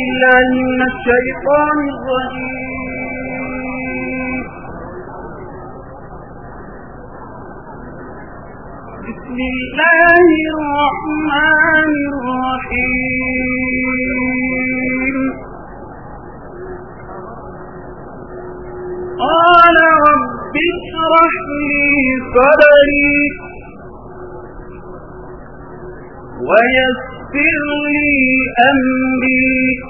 بالله من الشيطان الرجيم بسم الله الرحمن الرحيم قال رب اشرح لي صدري ويسر لي أمري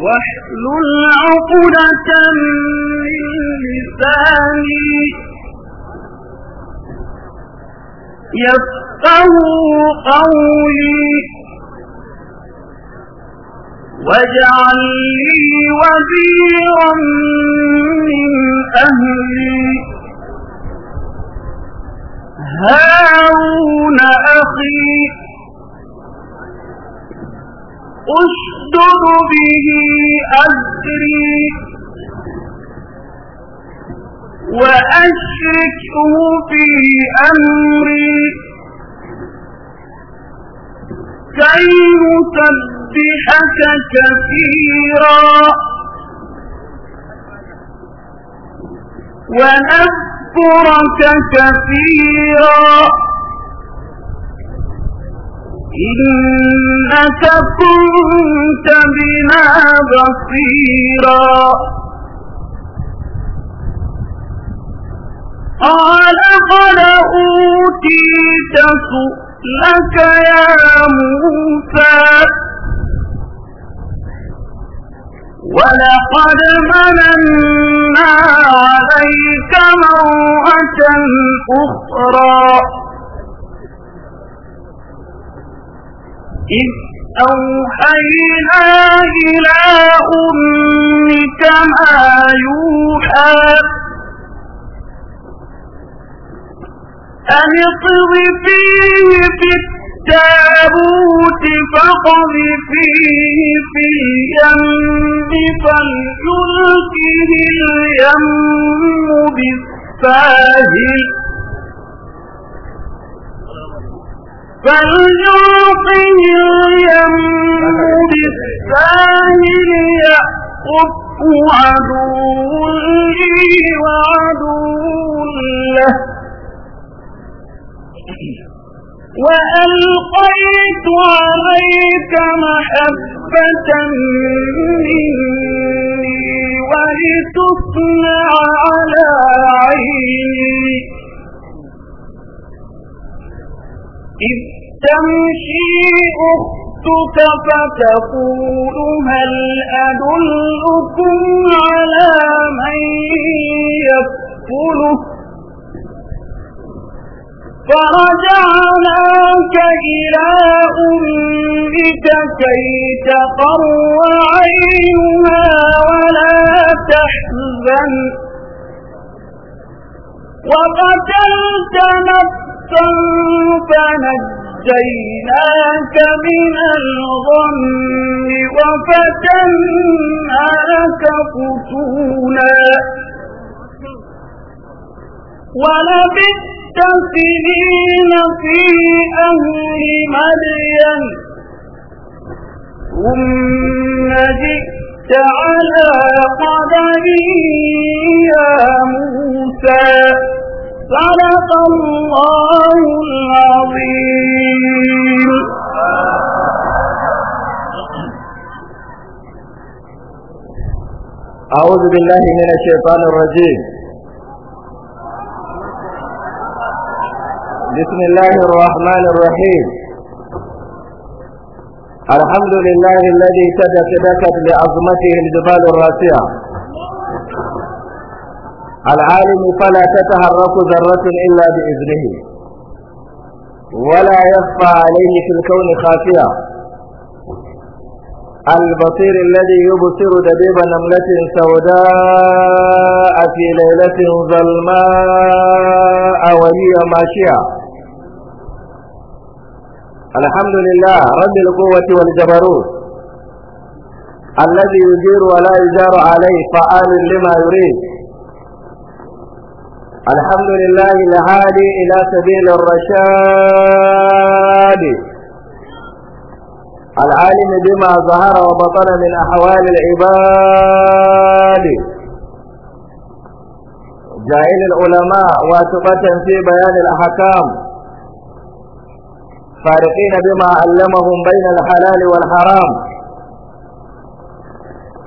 واحلل عقدة من لساني يفقه قولي واجعل لي وزيرا من أهلي هارون أخي أشدد به أزري وأشركه في أمري كي نسبحك كثيرا ونذكرك كثيرا إنك كنت بنا بصيرا قال قد أوتيت سؤلك يا موسى ولقد مننا عليك مرة أخرى إذ أوحينا إلى أمك ما يوحى أن اقذفيه في التابوت فاقذفيه في اليم فليلقه اليم بالساهل فليلقه ينمو بالساهل يأخذه عدو لي وعدو له وألقيت عليك محبة مني ولتصنع على عيني إذ تمشي أختك فتقول هل أدلكم على من يكفله فرجعناك إلى أمك كي تقر عينها ولا تحزن وقتلت نفسك فنجيناك من الغم وفتناك فتونا ولبثت سنين في أهل مدين ثم جئت على قدري يا موسى صدق الله العظيم أعوذ بالله من الشيطان الرجيم بسم الله الرحمن الرحيم الحمد لله الذي تدكدكت لعظمته الجبال الراسعه العالم فلا تتحرك ذرة إلا بإذنه ولا يخفى عليه في الكون خافية البصير الذي يبصر دبيب نملة سوداء في ليلة ظلماء وهي ماشية الحمد لله رب القوة والجبروت الذي يجير ولا يجار عليه فعال لما يريد الحمد لله الهادي إلى سبيل الرشاد العالم بما ظهر وبطن من أحوال العباد جائل العلماء واثقة في بيان الأحكام فارقين بما علمهم بين الحلال والحرام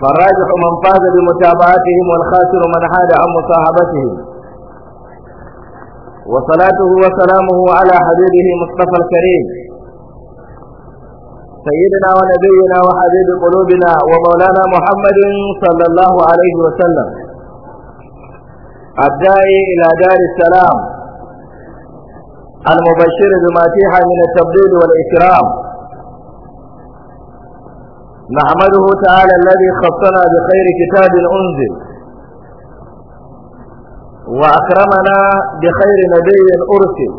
فالراجح من فاز بمتابعتهم والخاسر من حاد عن مصاحبتهم وصلاته وسلامه على حبيبه مصطفى الكريم سيدنا ونبينا وحبيب قلوبنا ومولانا محمد صلى الله عليه وسلم الداعي إلى دار السلام المبشر بما فيها من التبديل والإكرام نحمده تعالى الذي خصنا بخير كتاب أنزل وأكرمنا بخير نبي أرسل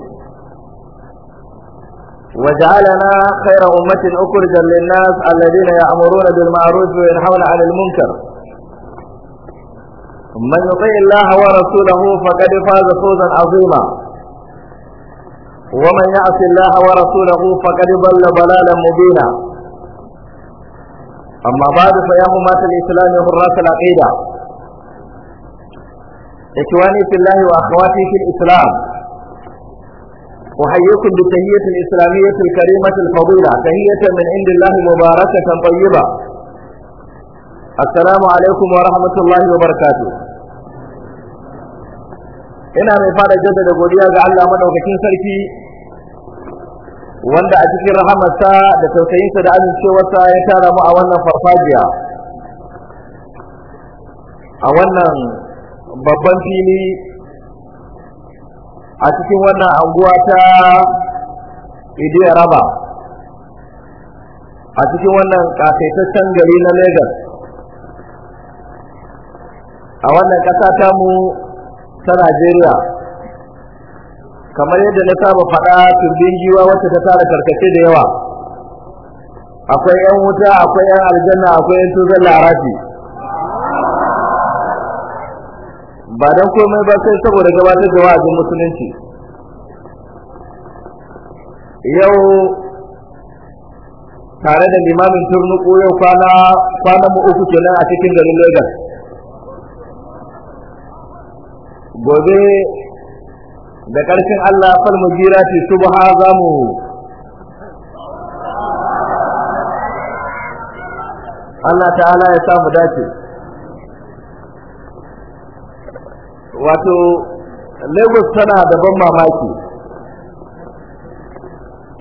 وجعلنا خير أمة أخرجا للناس الذين يأمرون بالمعروف وينهون عن المنكر من يطيع الله ورسوله فقد فاز فوزا عظيما ومن يعص الله ورسوله فقد ضل ضلالا مبينا أما بعد فيا همات الإسلام وحراس العقيدة إخواني في الله وأخواتي في الإسلام أحييكم بالتهية الإسلامية الكريمة الفضيلة تهية من عند الله مباركة طيبة السلام عليكم ورحمة الله وبركاته إن من فارة جزء لقوليا جعل أمنا وكتين سركي وأن أتكي رحمة ساعة لتوتين سدعا نسوة ساعة يتارم أولا فرفاجيا أولا babban fili a cikin wannan anguwa ta idiya raba a cikin wannan kasaitaccen gari na Legas, a wannan ƙasa ta mu ta najeriya kamar yadda na saba faɗa turbin giwa wacce ta tara karkace da yawa akwai 'yan wuta akwai 'yan aljanna akwai 'yan tuzon larabi ba don komai ba sai saboda gabatar da wa'azin musulunci yau tare da limamin turnuku yau kwana mu uku kenan a cikin garin Lagos gobe da ƙarshen Allah fal ba subha zamu Allah ta'ala ya samu dace wato lagos tana da ban mamaki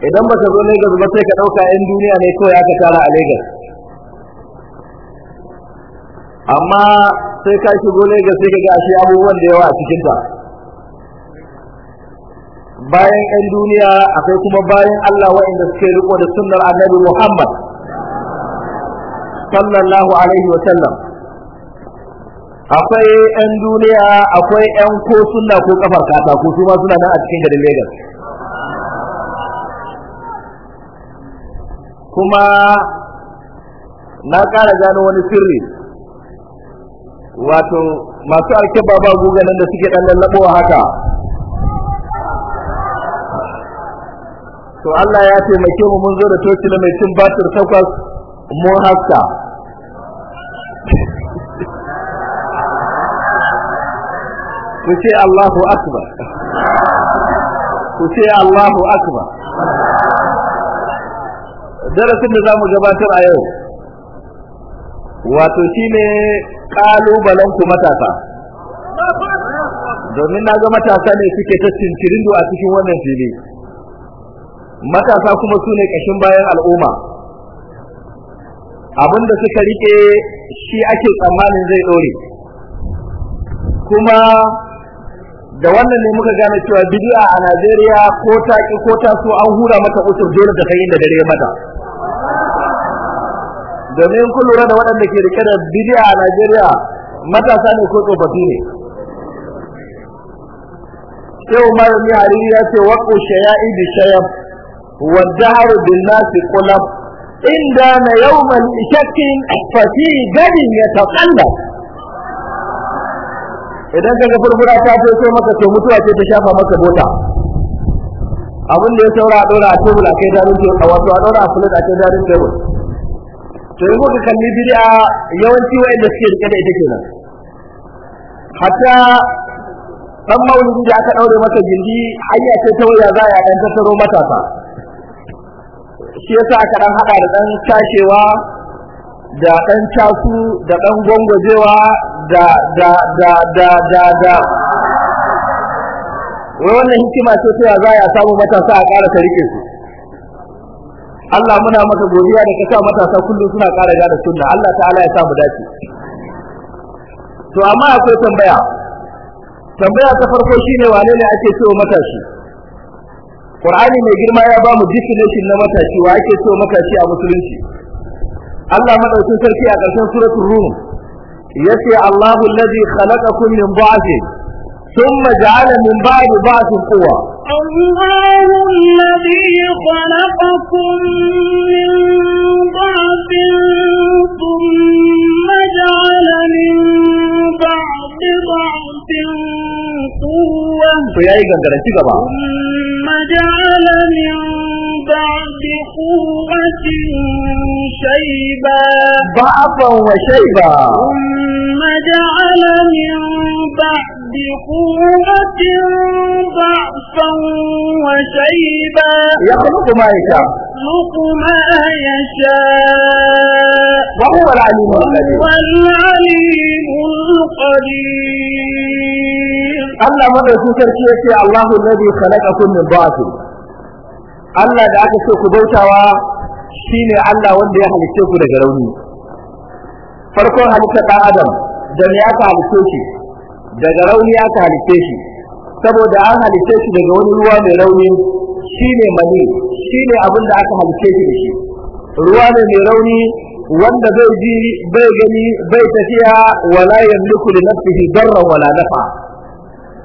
idan ba ka zo lagos ba sai ka ɗauka 'yan duniya ne kawai aka tara a lagos amma sai ka shigo lagos sai ka ga ashe abubuwan da yawa a cikinta bayan 'yan duniya akwai kuma bayan allah waɗanda suke riko da sunnar annabi muhammad sallallahu alaihi wa sallam akwai yan duniya akwai yan ko sunna ko ƙafar katako ko suna nan a cikin garin legas, kuma na ƙara gano wani sirri wato masu alkiba ba nan da suke ɗan lallaɓowa haka to Allah ya taimake mu mun zo da tocila mai cin batir takwas mun haska ku ce Allahu akbar ku Allahu akbar darasin da zamu gabatar a yau wato shine kalubalen ku matasa domin na ga matasa ne suke ta cincirindo a cikin wannan fili matasa kuma su ne kashin bayan al'umma abinda suka rike shi ake tsammanin zai dore kuma da wannan ne muka gane cewa bid'a a Najeriya ko ta ki ko ta so an hura mata usur dole ta kai da dare mata domin kun lura da waɗanda ke rike da bid'a a Najeriya matasa ne ko tsofaffi ne sai Umar bin Hariri ya ce waqu shaya'i bi shayab wa dahru bin nasi qulab indana yawman ishakin fa fi gadin yataqallab idan kaga furfura ta sai maka to mutuwa ce ta shafa maka bota abin da ya saura a dora a tebul a kai darin tebul a wato a dora a sulut a kai darin tebul to yi kuka kalli bid'a yawanci inda suke rike da ita kenan hatta dan maulidi da aka daure masa gindi hayya ce ta waya za ya dan tattaro matasa shi yasa aka dan hada da dan cashewa, da dan casu da dan gongojewa da da da da da da wannan hikima ce ta za ya samu matasa a ƙara ta rike su Allah muna maka godiya da ka sa matasa kullum suna ƙara gada sunna Allah ta'ala ya sa mu dace to amma akwai tambaya tambaya ta farko shine wane ne ake cewa matashi Qur'ani mai girma ya ba mu definition na matashi wa ake cewa matashi a musulunci Allah madaukin sarki a ƙarshen suratul Rum يسي الله الذي خلقكم من بعث ثم جعل من بعد بعث قوة الله الذي خلقكم من بعث ثم جعل من بعد بعث to yayi gangara ci gaba ma ja'ala min ba'di quwwatin shayba ba'fa wa shayba ma min ba'di بقوة ضعفا وشيبا يخلق ما يشاء يخلق ما يشاء وهو العليم القدير والعليم القدير الله مدرسة تركية الله الذي خلقكم من باطل Allah da aka so ku bautawa shine Allah wanda ya halicce ku daga rauni farkon halitta ɗan adam da me aka halicce shi daga rauni aka halice shi saboda an halice shi daga wani ruwa mai rauni shine mali shine abin da aka halice shi da shi ruwa ne mai rauni wanda zai ji bai gani bai tafiya wala yamliku li nafsihi darra wala nafa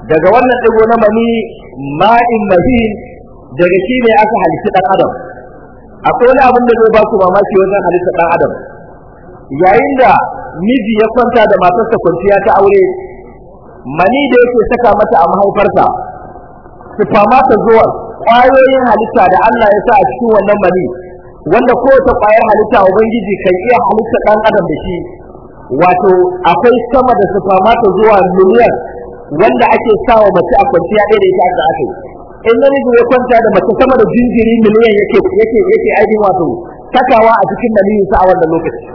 daga wannan dago na mani ma'in mahin daga shi ne aka halitta dan adam akwai wani abin da zai ba ku mamaki wajen halitta dan adam yayin da miji ya kwanta da matarsa kwanciya ta aure mani da yake saka mata a mahaifarta su fama ta zuwa ƙwayoyin halitta da Allah ya sa a cikin wannan mani wanda kowace ƙwayar halitta ubangiji kan iya halitta ɗan adam da shi wato akwai sama da su fama ta zuwa miliyan wanda ake sawa mace a kwanciya ɗaya da ita aka aka in namiji ya kwanta da mace sama da jinjiri miliyan yake yake yake ainihin wato takawa a cikin maniyin sa a wannan lokaci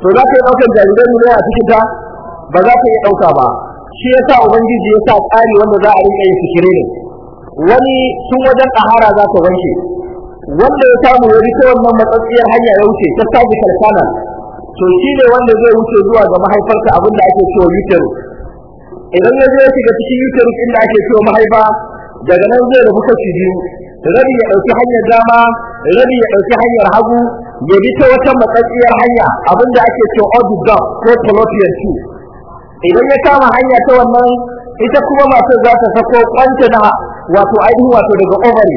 to za ka yi ɗaukar jarirai miliyan a cikin ta ba za ka iya ɗauka ba shi yasa ubangiji ya sa tsari wanda za a rinka yin fikire ne wani tun wajen ɗahara za ka wanke wanda ya samu ya bi ta wannan matsatsiyar hanya ya wuce ta sabi kalkana to shi ne wanda zai wuce zuwa ga mahaifarsa abin da ake cewa uterus idan ya zo ya shiga cikin uterus inda ake cewa mahaifa daga nan zai rabu kashi biyu rabi ya ɗauki hanyar dama rabi ya ɗauki hanyar hagu ya bi ta wata matsatsiyar hanya abin da ake cewa odidon ko fallopian tube idan ya kama hanya ta wannan ita kuma masu za ta sako kwanta na wato ainihin wato daga ovary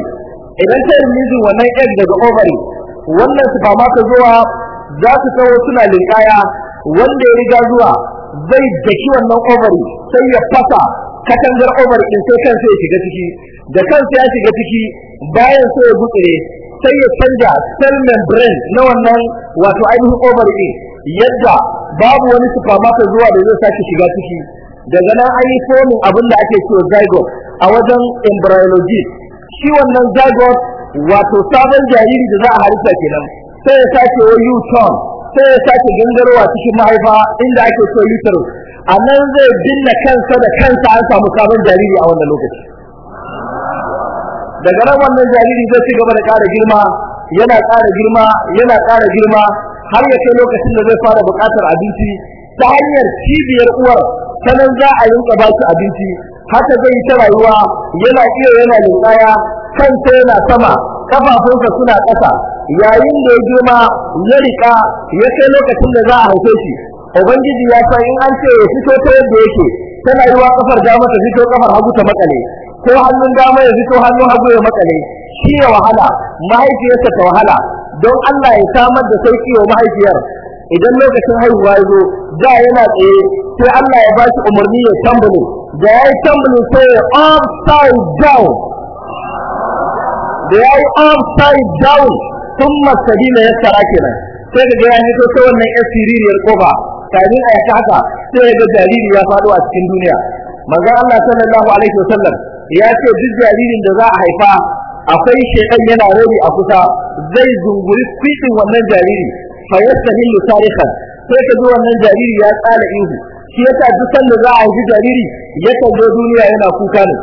idan ta yi wannan egg daga ovary wannan su ba ta zuwa za su tsawo suna linkaya wanda ya riga zuwa zai daki wannan ovary sai ya fasa katangar ovary in sai kansa ya shiga ciki da kansa ya shiga ciki bayan sai ya buɗe sai ya canja cell membrane na wannan wato ainihin ovary yadda babu wani supermarket zuwa da zai sake shiga ciki daga nan an yi fomin abin da ake cewa zygote a wajen embryology shi wannan zygote wato sabon jariri da za a halitta kenan sai ya sake wa u-turn sai ya sake gangarwa cikin mahaifa inda ake so uterus a nan zai binne kansa da kansa an samu sabon jariri a wannan lokaci daga nan wannan jariri zai ci gaba da ƙara girma yana ƙara girma yana ƙara girma har ya lokacin da zai fara buƙatar abinci ta hanyar cibiyar uwar sanan za a rinka ba shi abinci haka zai yi ta rayuwa yana iya yana linkaya kan sai yana sama kafafunsa suna ƙasa yayin da ya girma ya rika ya kai lokacin da za a haife shi ubangiji ya san in an ce ya fito ta yadda yake tana rayuwa kafar dama ta fito kafar hagu ta makale ko hannun dama ya fito hannun hagu ya makale shi ya wahala mahaifiyarsa ta wahala don Allah ya samar da sauki wa mahaifiyar idan lokacin haihuwa ya zo da yana tsaye sai Allah ya ba shi umarni ya tambule da ya yi tambule sai ya upside down da ya yi upside down sun na ya tsara kenan sai da ya hito ta wannan yan siririyar kofa tare a yaka haka sai ya ga jariri ya faɗo a cikin duniya manzon Allah sallallahu alaihi wasallam ya ce duk jaririn da za a haifa akwai shekai yana rauni a kusa zai zunguri kwitin wannan jariri fa yastahillu sai ka ji wannan jariri ya tsara ihu shi yasa duk da za a ji jariri yakan zo duniya yana kuka ne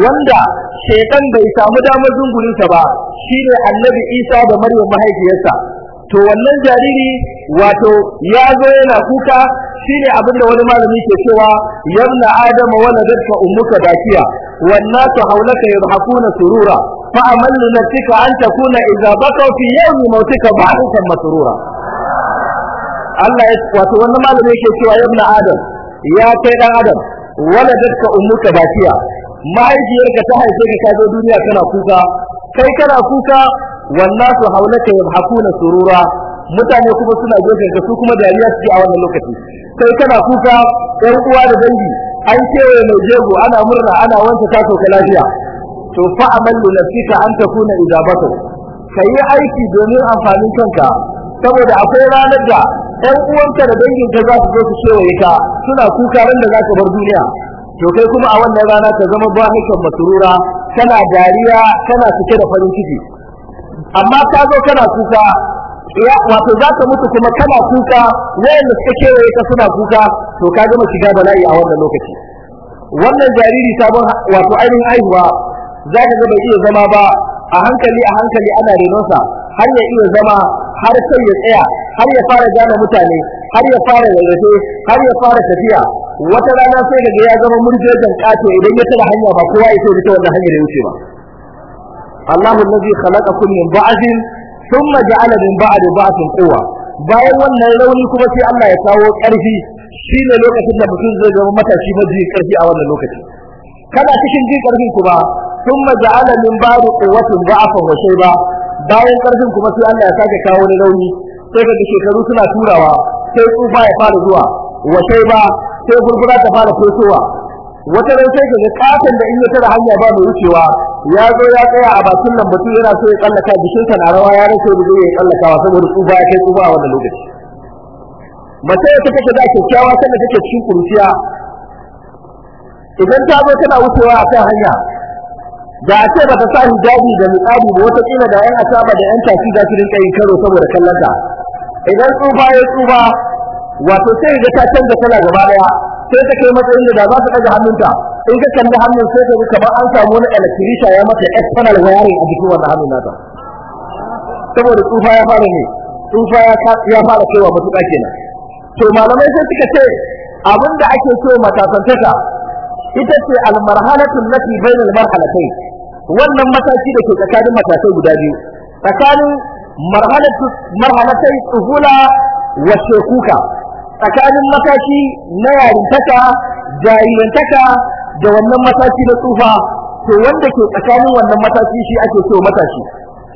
wanda shekan bai samu damar zungurinsa ba shi ne annabi Isa da Maryam mahaifiyarsa to wannan jariri wato ya zo yana kuka shine abin da wani malami ke cewa yabna adam waladatka ummuka bakiya والناس حولك يضحكون سرورا فأمل نفسك أن تكون إذا بقوا في يوم موتك ضحكا مسرورا Allah ya wato wannan malami yake cewa yabna Adam ya kai dan Adam waladatka ummuka bakiya mahaifiyarka ta haife ka ka zo duniya kana kuka kai kana kuka wallahi haulaka yabhakuna surura mutane kuma suna gefe da su kuma dariya suke a wannan lokaci sai kana kuka ɗan uwa da dangi an kewaye mai jego ana murna ana wanke ta sauka lafiya to fa amal li nafsika an takuna ijabatu kai aiki domin amfanin kanka saboda akwai ranar da ɗan uwanka da dangin ka za su zo su kewaye ka suna kuka ran da za ka bar duniya to kai kuma a wannan rana ka zama bahikan masurura, kana dariya kana cike da farin ciki amma ka zo kana kuka ya wato za ka mutu kuma kana kuka wayanda suka kewaye ka suna kuka to ka gama shiga bala'i a wannan lokaci wannan jariri sabon wato ainihin aihuwa za ka ga bai iya zama ba a hankali a hankali ana renonsa har ya iya zama har sai ya tsaya har ya fara gane mutane har ya fara rarrafe har ya fara tafiya wata rana sai daga ya zama murjejan kato idan ya tada hanya ba kowa ya so ta wannan hanyar ya wuce ba Allahu allazi khalaqakum min ba'din thumma ja'ala min ba'di ba'sin quwwa bayan wannan rauni kuma sai Allah ya kawo ƙarfi shine lokacin da mutum zai zama matashi mai ƙarfi a wannan lokacin kada cikin jin karfin ku ba thumma ja'ala min ba'di quwwatin da'afan wa shayba bayan ƙarfin kuma sai Allah ya sake kawo wani rauni sai ka shekaru suna turawa sai tsufa ya fara zuwa wa shayba sai gurgura ta fara fitowa wata ran ke ga kafin da in ya tara hanya ba mai wucewa ya zo ya tsaya a bakin nan mutum yana so ya tsallaka bikin sa na rawa ya rasa da zai tsallaka wa saboda tsufa ya kai tsufa a wannan lokaci mace ta take da kyakkyawa sannan take cikin kuruciya idan ta zo tana wucewa a kan hanya da a ce ba ta sa hijabi da niqabi ba wata kila da yan asaba da yan tafi za su rinka yin karo saboda kallon ta idan tsufa ya tsufa wato sai ga ta canza kala gaba daya sai ta kai matsayin da za ta daga hannunta in ka kalla hannun sai ka ga kamar an samu wani electrician ya mata external wiring a jikin wannan hannun nata saboda tsufa ya fara ne tsufa ya fara kaiwa matuƙa kenan to malamai sai suka ce abinda da ake so matasantaka ita ce almarhalatu allati bayna almarhalatayn wannan mataki da ke tsakanin matakai guda biyu tsakanin marhalatu marhalatai tsuhula wa shekuka tsakanin mataki na yarintaka jarirantaka da wannan mataki na tsufa to wanda ke tsakanin wannan mataki shi ake so matashi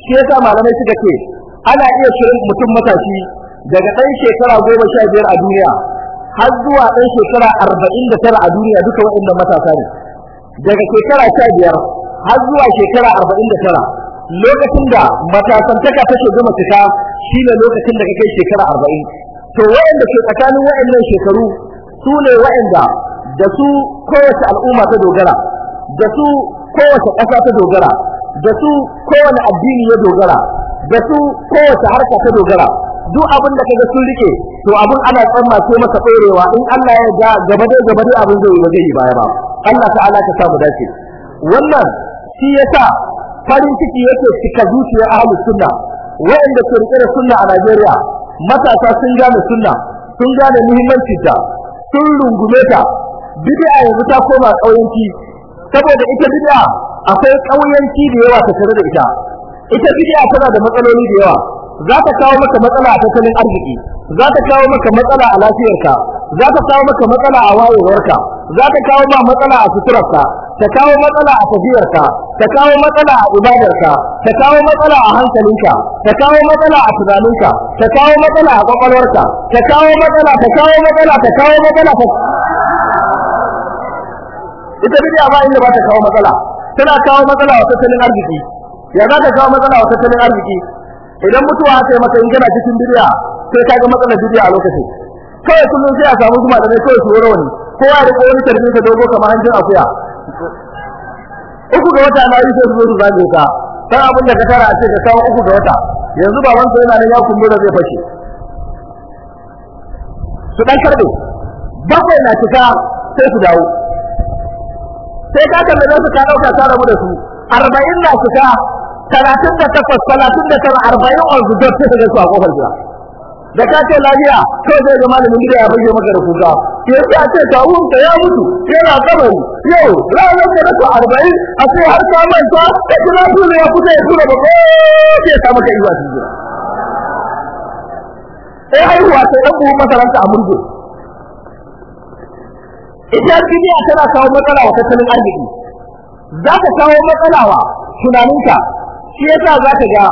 shi yasa malamai suka ce ana iya shirin mutum matashi daga ɗan shekara goma sha biyar a duniya har zuwa ɗan shekara arba'in da tara a duniya duka waɗannan matasa ne daga shekara sha biyar har zuwa shekara arba'in da tara lokacin da matasantaka ta gama cika shi ne lokacin da kake shekara arba'in to waɗanda ke tsakanin wayannan shekaru su ne wayanda da su kowace al'umma ta dogara da su kowace ƙasa ta dogara da su kowane addini ya dogara da su kowace harka ta dogara duk abin da kaga sun rike to abin ana tsamma ce masa ɗorewa in Allah ya ga gaba dai gaba dai abin zai yi ba zai yi baya ba Allah ta'ala ka samu dace wannan shi yasa farin ciki yake cika zuciyar ahlus sunna waɗanda ke rike da sunna a Najeriya matasa sun gane sunna sun gane muhimmanci ta sun rungume ta bid'a yanzu ta koma kauyanci saboda ita bid'a akwai kauyanci da yawa ta tare da ita ita bid'a tana da matsaloli da yawa za ta kawo maka matsala a tattalin arziki za ta kawo maka matsala a lafiyarka za ta kawo maka matsala a wayewarka za ta kawo maka matsala a suturarka ta kawo matsala a tafiyarka ta kawo matsala a ibadarka ta kawo matsala a hankalinka ta kawo matsala a tunaninka ta kawo matsala a kwakwalwarka ta kawo matsala ta kawo matsala ta kawo matsala ta ita bidiya ba inda ba ta kawo matsala tana kawo matsala wa tattalin arziki ya za ta kawo matsala wa tattalin arziki idan mutuwa ta yi masa in gina cikin bidiya sai ka ga matsalar bidiya a lokacin kawai kullum sai a samu zuma da ne kawai su wani kowa da kowani wani ta dogo kamar hanjin akuya uku ga wata na yi sai su zo zage ka sai abin da ka tara a ce ka kawo uku ga wata yanzu baban sa yana nan ya kumbura zai fashe su dan karbe bakwai na cika sai su dawo sai ka kalle su ka dauka ka rabu da su arba'in na cika 38 da takwas talatin da su arba'in ga su a kofar gida da ka ce lafiya ko zai ga malamin gida ya fage maka da kuka sai a ce kawun ka ya mutu yana kabari yau ranar da ku arba'in a sai har ka mai ta da kuma dole ya fita ya tura ba ko ke sa maka iwa ji eh haihuwa ta dan buhu masaranta a murgo ita bidiya tana kawo matsala wa tattalin arziki za ka kawo matsala wa tunaninka shi yasa za ka ga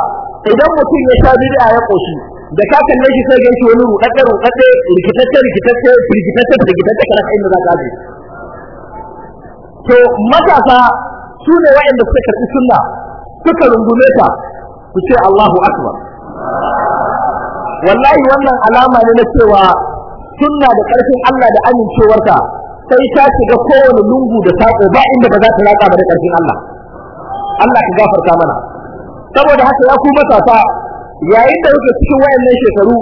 idan mutum ya sha bidiya ya koshi da ka kalle shi sai ganci wani rudadde rudadde rikitacce rikitacce rikitacce rikitacce kana inda da ka je to matasa su ne waɗanda suka karɓi sunna suka rungume ta su ce Allahu akbar wallahi wannan alama ne na cewa sunna da ƙarfin Allah da amincewarta sai ta shiga kowane lungu da saƙo ba inda ba za ta raka ba da ƙarfin Allah Allah ka gafarta mana saboda haka ya ku matasa yayin da kuke cikin wayannan shekaru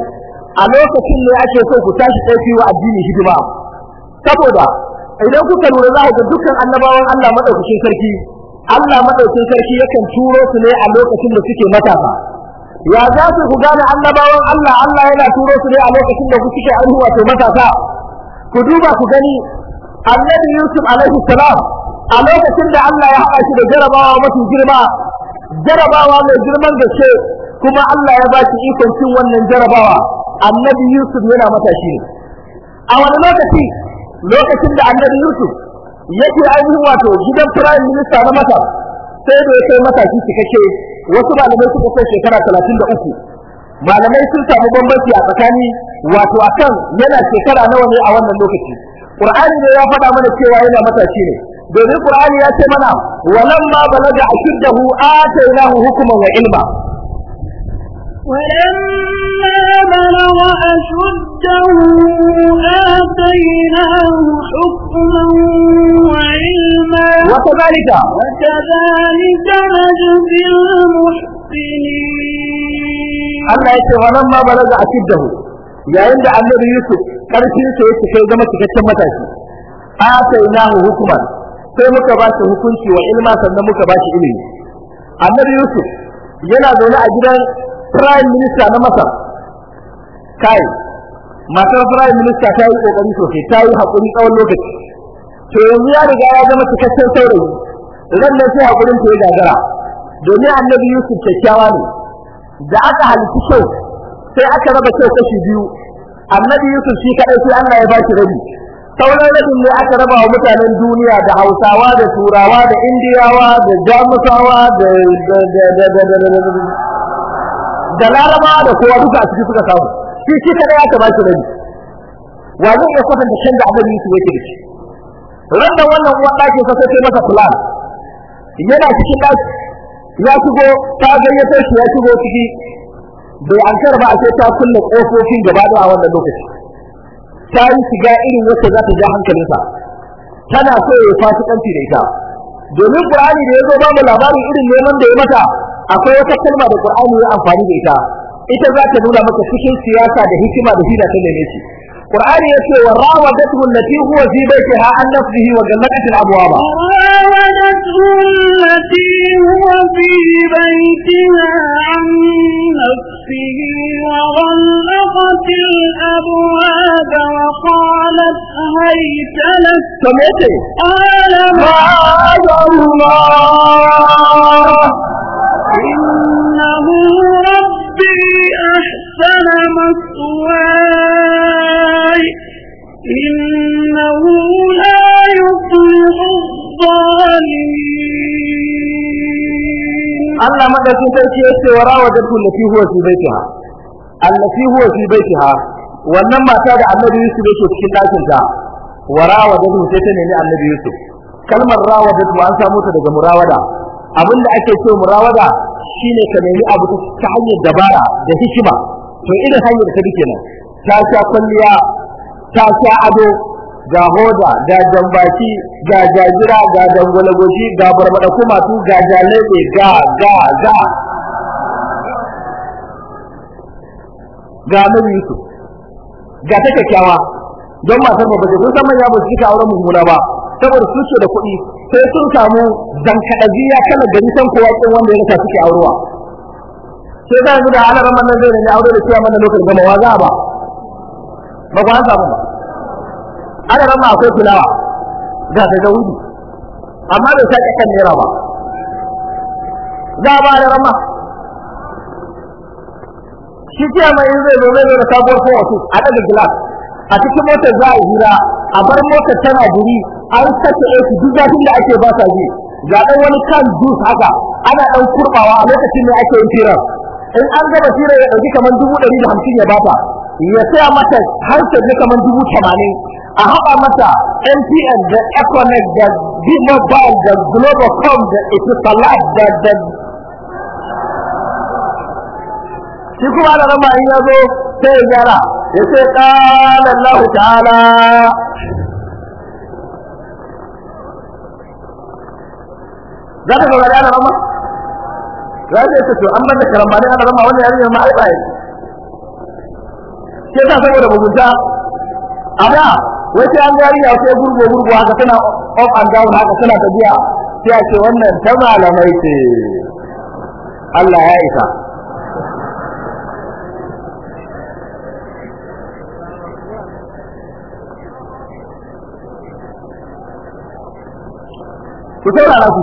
a lokacin ne ake so ku tashi kai wa addini hidima saboda idan kuka lura za ku ga dukkan annabawan Allah madaukakin sarki Allah madaukakin sarki yakan turo su ne a lokacin da suke matasa ya za su ku gane annabawan Allah Allah yana turo su ne a lokacin da kuke aruwa to matasa ku duba ku gani annabi Yusuf alaihi salam a lokacin da Allah ya haɗa shi da jarabawa mafi girma jarabawa mai girman gaske kuma Allah ya ba shi ikon cin wannan jarabawa annabi Yusuf yana matashi ne a wani lokaci lokacin da annabi Yusuf yake ainihin wato gidan prime minister na Masar sai da ya kai matashi cikakke wasu malamai suka kai shekara talatin da uku malamai sun samu bambanci a tsakani wato akan yana shekara nawa ne a wannan lokaci Qur'ani ne ya faɗa mana cewa yana matashi ne domin Qur'ani ya ce mana walamma balaga ashiddahu atainahu hukman wa ilma آتيناه حكما وعلما وكذلك وكذلك نجزي المحسنين الله يتغنى ما بلغ أشده yayin da annabi Yusuf ƙarfin sa yake kai zama cikakken matashi atainahu sai muka ba shi hukunci wa ilma sannan muka ba shi ilimi annabi Yusuf yana zaune a gidan prime minister na Masar kai matar prime minister ta yi kokari sosai ta yi hakuri tsawon lokaci to yanzu ya riga ya zama cikakken saurayi idan da sai hakurin ta ya gagara domin annabi yusuf kyakkyawa ne da aka halitta kyau sai aka raba kyau kashi biyu annabi yusuf shi kaɗai sai Allah ya ba shi rabi sauran rabin ne aka raba wa mutanen duniya da hausawa da turawa da indiyawa da jamusawa da da larabawa da kowa duka a ciki suka samu shi shi kada ya ta bashi rabi wa zai iya kwatanta canza abin da yake yake da shi wannan uwan ɗakin sa sai masa fulan yana cikin ɗaki ya shigo ta gayyato shi ya shigo ciki bai ankar ba a sai ta kulle ƙofofin gaba da wannan lokaci ta yi shiga irin wacce za ta ja hankalinsa tana so ya fasikanci da ita domin Qur'ani da ya zo ba mu labarin irin neman da ya mata akwai wata kalma da Qur'ani ya amfani da ita ita za ta nuna maka cikin siyasa da hikima da hila ta neme shi Qur'ani yace wa rawadatu allati huwa fi baytiha an nafsihi wa jallatat al-abwaba rawadatu allati huwa fi baytiha an nafsihi wa ghallaqat al-abwaba wa qalat hayta lak kamete ala ma'adallah الدعاء إنه لا يفلح الظالمين الله مدى سنتي وراء وجدت التي هو في بيتها التي هو في بيتها wannan mata da يوسف Yusuf yake cikin وراء وجدت warawa da sai ta Yusuf kalmar rawada to an samu ta daga murawada abinda ake so murawada shine ka nemi abu ta hanyar dabara da hikima to idan hanyar ka dike nan ta sha kwalliya ta sha ado ga hoda ga jambaki ga jajira ga dangwala-goshi, ga barbada kuma tu ga jalebe ga ga ga ga yi su, ga ta kyakkyawa don masu ba sun kun san manya ba su cika auren mummuna ba saboda su ce da kuɗi sai sun samu dankadajiya kana gari san kowa ɗin wanda ya rasa suke aurewa sai da yanzu da alaran man zai zai ne aure da shi a nan lokacin gama wa za a ba ba ku an samu ba alaran ma akwai fulawa ga ta ga wuri amma bai sake kan nera ba za a ba alaran ma shi kiyaman in zai zo zai da sabuwar kowa a ɗaga gilas a cikin motar za a hira a bar motar tana guri an sake aiki duk zafin da ake ba sa ji ga ɗan wani kan jus haka ana ɗan kurɓawa, a lokacin ne ake yin firar in an ga basira ya dauki kaman dubu ɗari da hamsin ya bata ya saya mata har ta je kaman dubu tamanin a haɓa mata npn da Econet da B-Mobile da Globacom da Etisalat da da shi kuma da nan in ya zo sai ya gyara ya ce ƙala Allah ta'ala za ka da ana rama raje ta to an mata karambani ana rama wannan yarinyar ma ai bai ke ta saboda mugunta a da wai sai an ga yarinya sai gurgo gurgo haka tana up and down haka tana tafiya sai a ce wannan ta malamai ce Allah ya isa ku saurara ku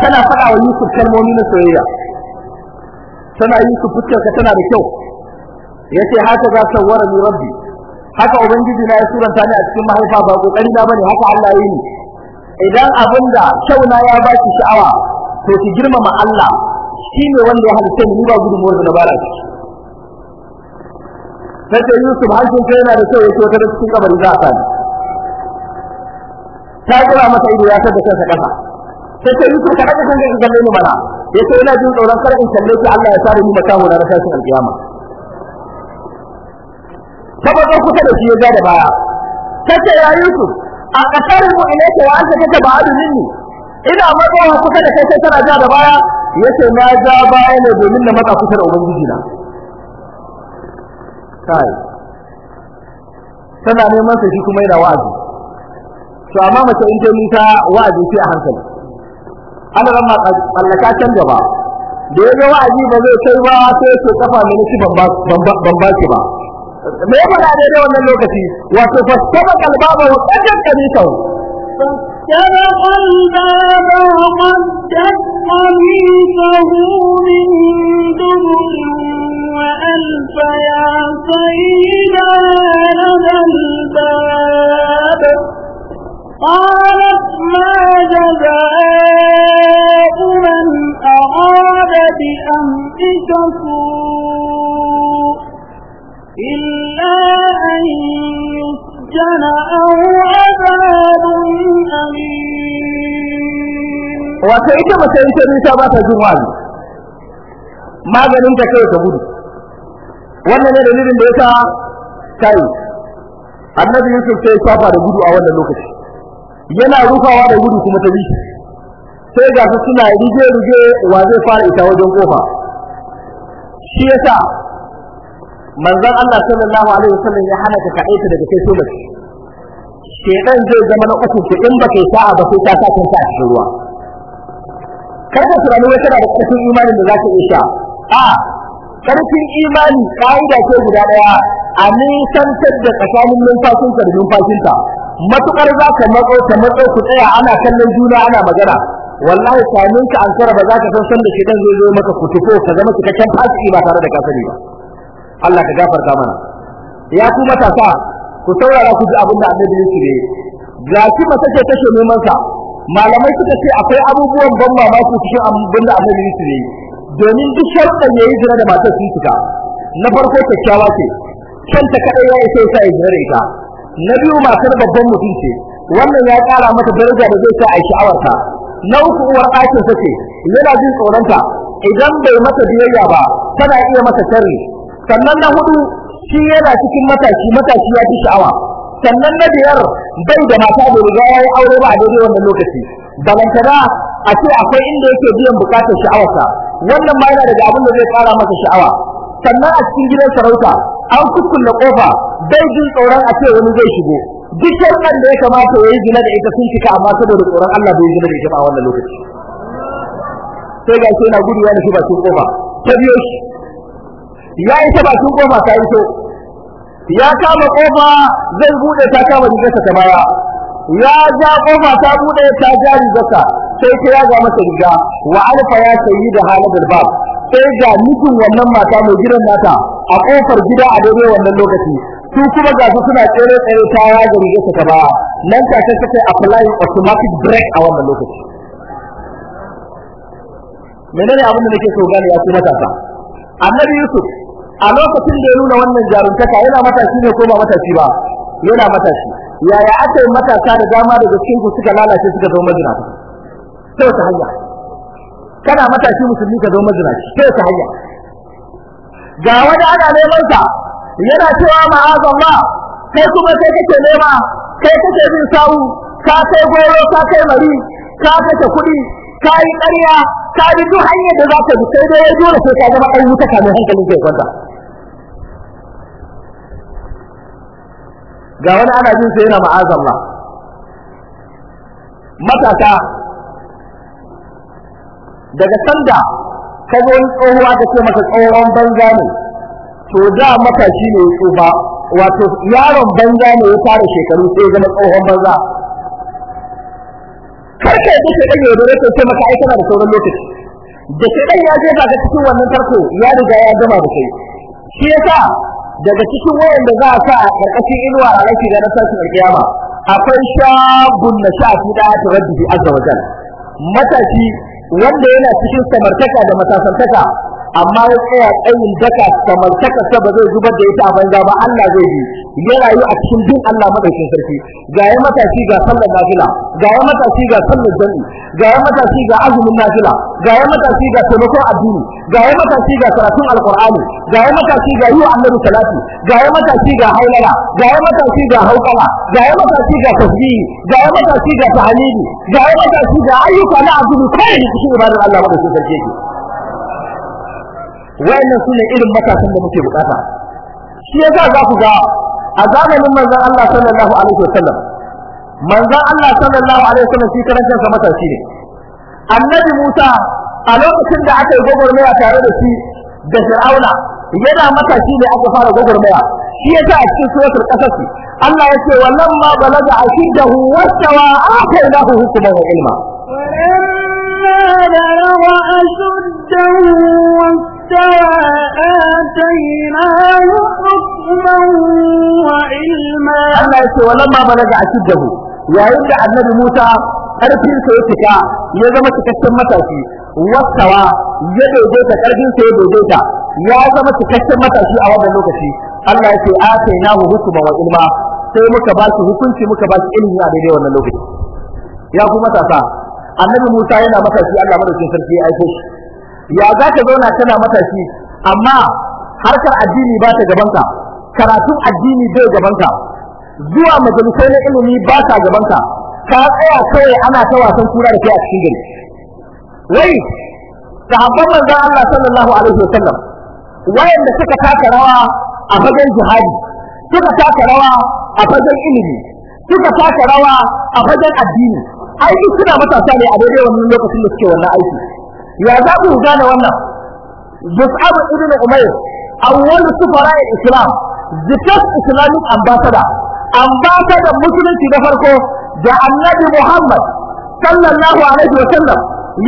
tana faɗa wa Yusuf kalmomi na soyayya tana Yusuf fuskar tana da kyau yace haka za wara ni rabbi haka ubangiji na ya suranta ni a cikin mahaifa ba kokari na bane haka Allah yi ni idan abinda kyau na ya baki sha'awa to ki girmama Allah shi ne wanda ya halitta ni ba gudunmuwar da na bara shi sai Yusuf hankin yana da kyau ya ta cikin kabari za a ta kira mata ido ya tabbata ta kasa Sai take yi ka haka kun ga in kalle ni mana yace ina jin tsoron kar in kalle ki Allah ya sare ni makaho da shi alkiyama saboda kusa da shi ya da baya tace ya Yi su a ƙasar mu ina ce wa aka kace ba adu minni ina matsawa kusa da kai sai tana ja da baya Ya yace na ja baya ne domin na matsa kusa da ubangiji na kai tana neman sa shi kuma yana wa'azi to amma mace in ta nisa wa'azi sai a hankali ana ramma tsallaka can gaba da yaga wa'azi ba zai kai ba sai ce kafa ne nake ban ba ban ba ki ba me ya faɗa daidai wannan lokaci wato fastaba kalbaba wa kajan kanisa فاستبق الباب وقدت قميصه من دبر وألف يا سيدنا لدى الباب قالت ما جزاء من أراد بأمرك سوء إلا أن يسجن أو عذاب أليم وسيئة مسيئة ريسا ما تجون maganin ما جنمت ta gudu. wannan ne dalilin da yasa kai annabi Yusuf sai ya da gudu a wannan lokaci yana rufawa da gudu kuma ta bi sai ga su suna rige rige wa zai fara ita wajen kofa shi yasa manzon Allah sallallahu alaihi wasallam ya hana ka kaita daga kai so bace shedan zai zama na uku ko in baka sa'a ba sai ta sa kan sa shi ruwa kar ka tunani wai kana da karfin imanin da zaka ka sha a karfin imani kaida ce guda daya a nisantar da tsakanin numfashinka da numfashinka matukar za ka matso ka matso ku tsaya ana kallon juna ana magana wallahi kamin ka tsara ba za ka san san da shi dan zai zo maka tuko ka zama cikakken fasiki ba tare da ka sani ba Allah ka gafarta mana ya ku matasa ku saurara ku ji abin da Annabi yake ne ga shi mace ce take neman sa malamai suka ce akwai abubuwan ban mamaki cikin abin da Annabi yake ne domin duk sharɗin yayi jira da matar sun cika na farko kyakkyawa ce kanta kadai ya isa sai ya jira ka. ita na biyu matar babban mutum ce wannan ya kara mata daraja da zai sa a sha'awarta na uku uwar ɗakin sa ce yana jin tsoronta idan bai mata biyayya ba tana iya mata sharri sannan na hudu shi yana cikin mataki, mataki ya fi sha'awa sannan na biyar bai da mata da riga ya yi aure ba a daidai wannan lokaci balantana a ce akwai inda yake biyan bukatar sha'awarsa wannan ma yana daga abin da zai kara masa sha'awa sannan a cikin gidan sarauta an kukkulle kofa bai jin tsoron a ce wani zai shigo duk shirkan da ya kamata ya yi gina da ita sun cika amma saboda tsoron Allah bai gina da ita a wannan lokaci sai ga shi yana gudu ya nufi bakin kofa ta biyo shi ya yi ta bakin kofa ta yi ya kama kofa zai bude ta kama rigarsa ta baya ya ja kofa ta bude ta ja rigarsa sai ta ya ga masa riga wa alfa ya sayi da da bab sai ga nufin wannan mata mai gidan nata a kofar gida a daidai wannan lokaci su kuma ga su suna tsere tsere ta ya gari ga ta ba nan ta ta sai apply automatic break a wannan lokaci menene abin da nake so gani ya su matasa annabi yusuf a lokacin da ya nuna wannan jaruntaka yana matashi ne ko ba matashi ba yana matashi yaya aka yi matasa da dama daga cikin suka lalace suka zama majinata sai ta hanya kana matashi musulmi ka zama shi sai ka hanya, ga wani ana neman sa yana cewa ma'azallah kai kuma sai kake nema kai kake bin sawu ka kai goro ka kai mari ka kake kuɗi ka yi ƙarya ka yi duk hanyar da za ka bi sai dai dole sai ka zama ɗan wuta kamar hankalin kai kwanta ga wani ana jin sai yana ma'azallah matasa daga sanda ka zo wani tsohuwa ka ce maka tsohon banza ne to da matashi ne ya tsufa wato yaron banza ne ya fara shekaru sai ya zama tsohon banza kar ka yadda ke ɗage da rashin sai maka aikata da sauran lokaci da ke ɗan ya je ba ga cikin wannan tarko ya riga ya gama da kai shi yasa daga cikin da za a sa a ƙarƙashin inuwa a ranar shiga na sarkin alƙiyama akwai shabun na sha fi da ta rabbi azza wa matashi wanda yana cikin samartaka da matasantaka amma ya tsaya tsayin daka kamar takarsa ba zai zubar da ita a banza ba Allah zai yi ya rayu a cikin bin Allah madaukin sarki ga ya matashi ga sallar nafila ga ya matashi ga sallar jami'i ga ya matashi ga azumin nafila ga ya matashi ga taimakon addini ga ya matashi ga karatun alqur'ani ga ya matashi ga yi annabi salati ga ya matashi ga haulala ga ya matashi ga haukala ga ya matashi ga tasbihi ga ya matashi ga tahlili ga ya matashi ga ayyuka na addini kai cikin ibadar Allah madaukin sarki wayannan sune irin matasan da muke bukata shi yasa za ku ga a zamanin manzon Allah sallallahu alaihi wasallam manzon Allah sallallahu alaihi wasallam shi karancin sa matashi ne annabi Musa a lokacin da aka yi gwagwarmaya tare da shi da Fir'auna yana matashi ne aka fara gwagwarmaya shi yasa a cikin suratul qasas Allah ya ce walamma balaga ashidahu wastawa atainahu hukman wa ilma walamma balaga ashidahu Allah آتيناه حكما وعلما الله يسوى ولما بلغ أشده يا يبدأ النبي موسى ƙarfin sa ya cika ya zama cikakken matashi wasawa ya daidaita ƙarfin sa ya daidaita ya zama cikakken matashi a wannan lokaci Allah ya ce atainahu hukuma wa ilma sai muka ba shi hukunci muka ba shi ilimi a daidai wannan lokaci ya kuma matasa annabi Musa yana matashi Allah madaukakin sarki ya aiko shi ya za ka zauna tana matashi amma harkar addini ba ta gabanka karatun addini bai gabanka zuwa majalisai na ilimi ba ta gabanka ka tsaya kawai ana ta wasan kura da kai a cikin gari wai sahabban manzon Allah sallallahu alaihi wasallam wayanda suka taka rawa a fagen jihadi suka taka rawa a fagen ilimi suka taka rawa a fagen addini aiki suna matasa ne a daidai wannan lokacin da suke wannan aiki ya za ku gane wannan Mus'ab ibn umair awwal sufara al-Islam the Islamic ambassador ambassador musulunci da farko da Annabi Muhammad sallallahu alaihi wa sallam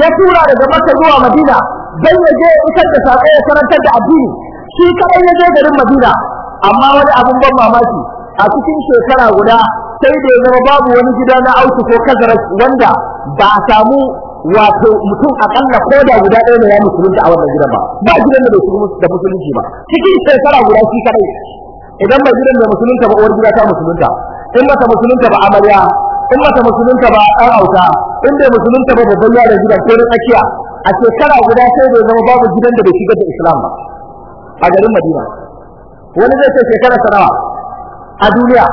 ya tura daga Makka zuwa Madina dan ya je isar da sako ya karantar da addini shi kai ya je garin Madina amma wani abun ban mamaki a cikin shekara guda sai da ya zama babu wani gida na auki ko kazarar wanda ba a samu wato mutum akalla ko da guda ɗaya ne ya musulunta a wannan gidan ba ba gidan da bai musulunta da musulunci ba cikin shekara guda shi kadai idan ba gidan da musulunta ba uwar gida ta musulunta in ba ta musulunta ba amarya in ba ta musulunta ba ɗan auta in bai musulunta ba babban yaron gida ko na tsakiya a shekara guda sai bai zama babu gidan da bai shiga da islam ba a garin madina wani zai ce shekara sanawa a duniya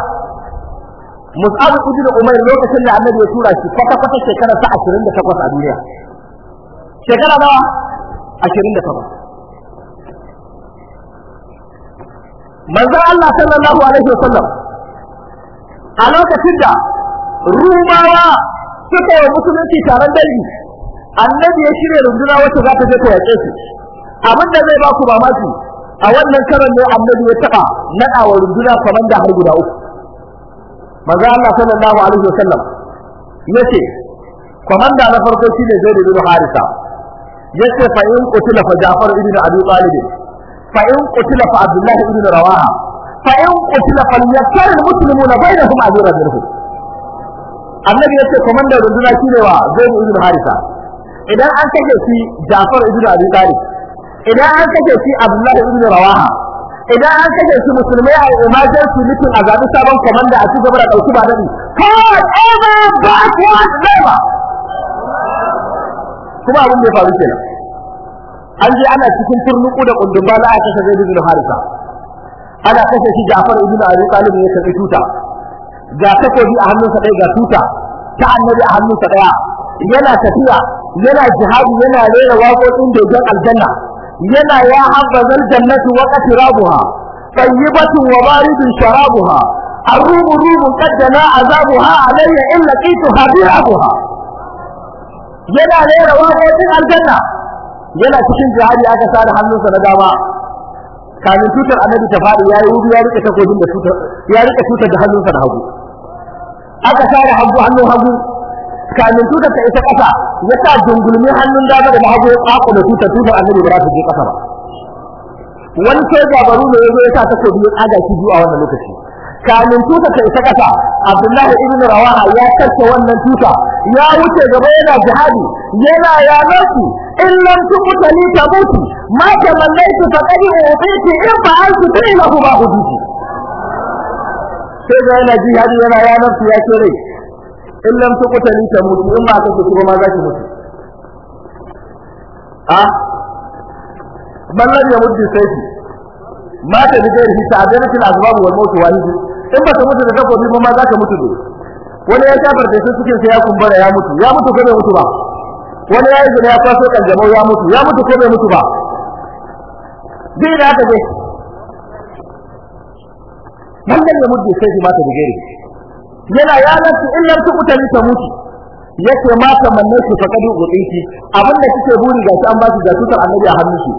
Mus'ab ibn Umair lokacin da Annabi ya tura shi kwata kwata shekara ta 28 a duniya shekara nawa 28 manzon Allah sallallahu alaihi wasallam a lokacin da Rumawa suka yi musulunci taron dangi Annabi ya shirya runduna wacce za ta je ta yaƙe su abin da zai ba ku mamaki a wannan karon ne Annabi ya taɓa naɗa wa runduna da har guda uku manzo Allah sallallahu alaihi Sallam yace komanda na farko shi shine Zaid bin Harisa yace fa in qutila fa Ja'far ibn Abi Talib fa in qutila fa Abdullah ibn Rawaha fa in qutila fa yakar muslimuna bainahum ajra minhum annabi yace komanda runduna ne wa Zaid ibn Harisa idan an kace shi Ja'far ibn Abi Talib idan an kace shi Abdullah ibn Rawaha idan an kashe su musulmai a umajar su mutum a zaɓi sabon komanda a cigaba da dauki ba dadi forward over kuma abin da ya faru kenan an je ana cikin turnuku da kundumba za a kashe zai bin harisa ana kashe shi Ja'far ibn Abi Talib ne ya tuta ga takobi a hannunsa ɗaya ga tuta ta annabi a hannunsa ɗaya yana tafiya yana jihadi yana rera waƙoƙin dogon aljanna yana ya habbaza aljannatu wa qatirabuha tayyibatu wa baridun sharabuha الروم روم قد جلا عذابها علي إن لقيتها برعبها yana rera waƙoƙin aljanna yana cikin jihadi aka sare hannunsa na dama kamin tutar annabi ta fadi ya yi wuri ya rike takobin da tutar ya rike tutar da hannunsa na hagu aka sare hagu hannun hagu kamin tutar ta isa ƙasa, ya sa dungulmi hannun dama da hagu ya kwako da tutar tutar annabi ba za ta je kasa ba wani sai gabaru ne ya zo ya sa ta kobi ya tsaga shi biyu a wannan lokaci kamin tutar ta isa ƙasa, abdullahi ibn rawaha ya kace wannan tuta ya wuce gaba yana jihadi yana yanar yaransu in lam tukutali tabuti ma tamannaitu faqad utiti in fa'altu bi lahu ma uditi sai ga yana jihadi yana yanar yaransu ya ce rai in lam ta mutu in ba ka kuma ma ki mutu a ballan ya mutu sai ki mata bi gairi ta ta'dirati al-azwab wal maut wahid in ba ta mutu da takobi ba ma ka mutu wani ya kafar da su cikin sai ya kumbara ya mutu ya mutu ko bai mutu ba wani ya yi zina ya kwaso kanjamau ya mutu ya mutu ko bai mutu ba dai da haka dai wannan ya mutu sai ki mata bi gairi yana ya nasu in lam tukuta ni ta mutu yake ma kamanne shi fa kadu gudin shi abinda kike buri gashi an ba shi ga tutar annabi a hannun shi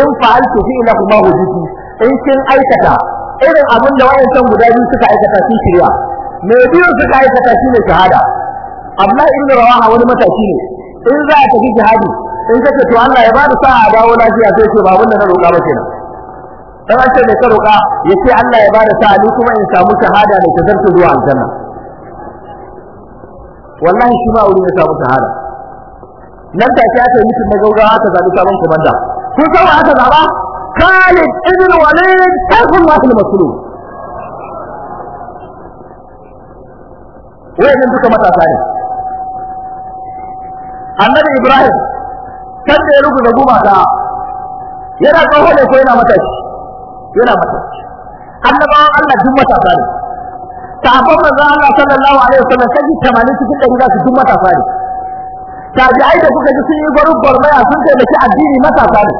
in fa'altu fi ila kuma hujiti in kin aikata irin abin da wayancan guda biyu suka aikata shi shirya me biyu suka aikata shi ne shahada Abdullahi ibn Rawaha wani matashi ne in za a tafi jihadi in kace to Allah ya bada sa'a a dawo lafiya sai ce babun da na roƙa ba kenan dan an ce me ka roƙa yace Allah ya bada sa'a ni kuma in samu shahada ne ta zarta zuwa aljanna wallahi shi ma wurin ya samu shahada nan take aka yi mutum magaugawa aka zabi sabon komanda ko sai aka zaba Khalid ibn Walid kafin wasu masulu ne duka matasa ne Annabi Ibrahim kan da ya rubuta gumaka yana kawo da ko yana matashi yana matashi annabawan Allah duk matasa ne sahabban manzon Allah sallallahu alaihi wasallam kaji 80 cikin ɗari za su duk matasa ne tabi'ai da kuka ji sun yi gwarin gwarmaya sun taimaki addini matasa ne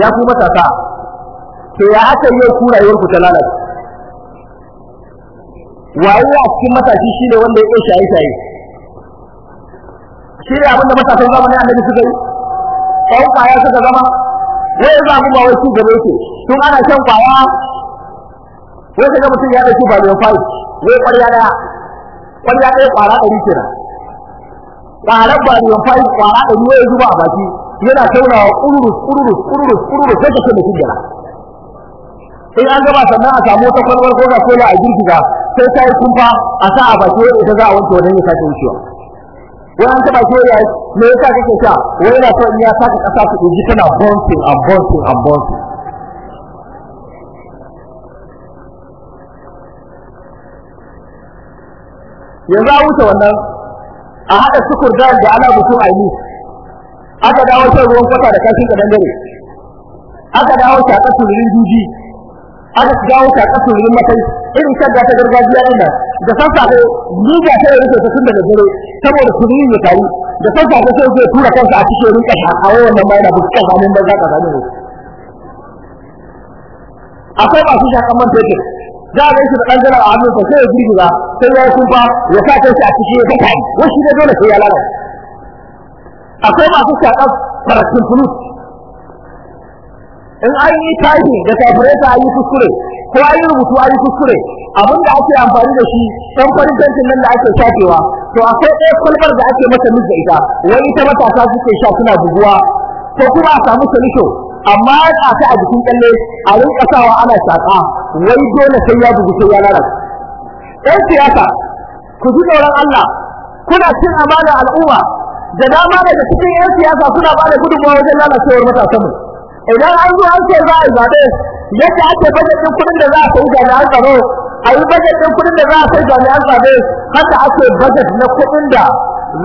ya ku matasa to ya aka yi ku rayuwarku ta lalace waye ya cikin matashi shi ne wanda ya iya shaye-shaye shi ne abinda matasan zamanin annabi suka yi ƙwaya suka zama wai zaɓi ba wai su gaba yake tun ana shan ƙwaya wai ga mutum ya dauki balo fai wai ƙwarya daya ƙwarya daya ƙwara ɗari kenan ba balo fai ƙwara ɗari ne zuwa a baki yana taunawa kururu kururu kururu kururu sai ka kuma mutum sai an gaba sannan a samu wata kwalwar ko da kola a girgiza sai ta yi kumfa a sa a baki wai ita za a wanke wannan ya sake wucewa wai an taba shi me yasa kake sha wai yana so in ya saka kasa su ji tana bouncing and bouncing and bouncing yanzu a wuce wannan a haɗa sukur da da ana buku aini aka dawo shan ruwan kwata da kashin kadan dare aka dawo shaƙa tururin juji aka dawo shaƙa tururin matai irin shagga ta gargajiya ɗin nan da sassafe zuga ta yi rufe sassun daga dare saboda tururin ya taru da sassafe sai zai tura kansa a cikin rinka shaƙawo wannan ma yana buƙatar hannun banza ka zane akwai masu shaƙan man fetur za a gaishe da ɗangaren a hannunsa sai ya girgiza sai ya kumfa ya sa kai shi a ciki ya ga kai wai shi ne dole sai ya lalace akwai masu shaƙar farakin fulus in an yi tashi da tafureta an yi kuskure ko an yi rubutu an yi kuskure abin da ake amfani da shi ɗan farin tantin nan da ake shafewa to akwai ɗaya kwalbar da ake masa mis da ita wani ita matasa suke sha suna buguwa ko kuma a samu solution amma a ta a jikin kyalle a rinka sawa ana shaƙa wai dole sai ya bugu sai ya lara ɗan siyasa ku ji tsoron Allah kuna cin amana al'umma da dama daga cikin yan siyasa suna ba da gudunmawa wajen lalacewar matasanmu mu idan an zo an ce za a zaɓe yadda ake bajetin kuɗin da za a sayi jami'an tsaro a yi bajetin kuɗin da za a sayi jami'an zaɓe haka ake bajet na kuɗin da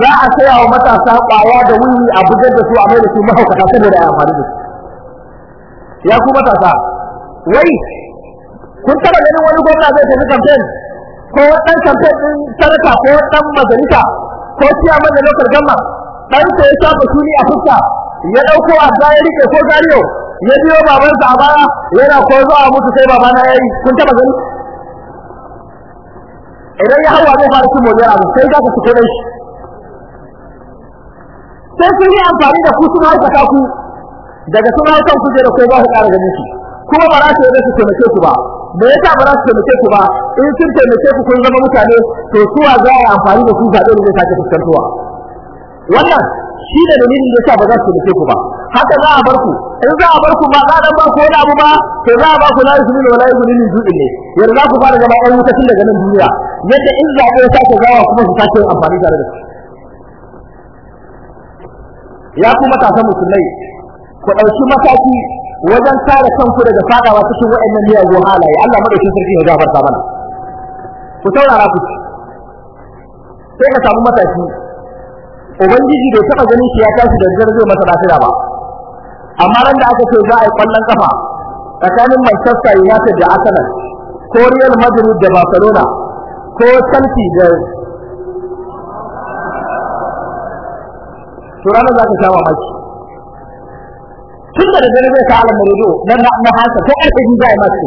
za a saya wa matasa ƙwaya da wuri a bugar da su a mai da su mahaukata saboda a amfani da su ya ku matasa wai kun taba ganin wani gwamna zai tafi kamfen ko dan kamfen din Sarka ko dan majalisa ko siya da lokar gamma dan sai ya shafa suni a fuska ya dauko a ya rike ko gariyo ya biyo babansa a baya yana ko zuwa mutu sai babana yayi kun taba gani idan ya hawa zai fara cin moriyar abu sai za ka fito shi sai sun yi amfani da ku na haifaka ku daga sun haifan ku je da ko ba su kara gani shi kuma ba za su yi su taimake su ba ya sa ba za su taimake ku ba in sun taimake ku kun zama mutane to suwa za a yi amfani da su zaɓe da zai sake fuskantowa wannan shi ne dalilin da sa ba za su taimake ku ba haka za a bar ku in za a bar ku ba za a dan ba ku wani abu ba to za a ba ku layu da wa layi zuni zuɗi ne yadda za ku fara gaba ɗan wuta tun daga nan duniya yadda in zaɓe ya sake gawa kuma su sake yin amfani tare da su ya ku matasan musulmai ku ɗauki mataki wajen kare kanku daga fadawa cikin waɗannan miyagun halaye Allah madaukakin sarki ya gafarta mana ku saurara ku sai ka samu matashi ubangiji bai taɓa ganin shi ya tashi da zai zai masa lafiya ba amma ran da aka ce za a yi kwallon kafa tsakanin Manchester United da Arsenal ko Real Madrid da Barcelona ko Chelsea da to ranar za ka sha mamaki tun da dare zai ka alam rido nan na na hasa ko ai kaji zai masu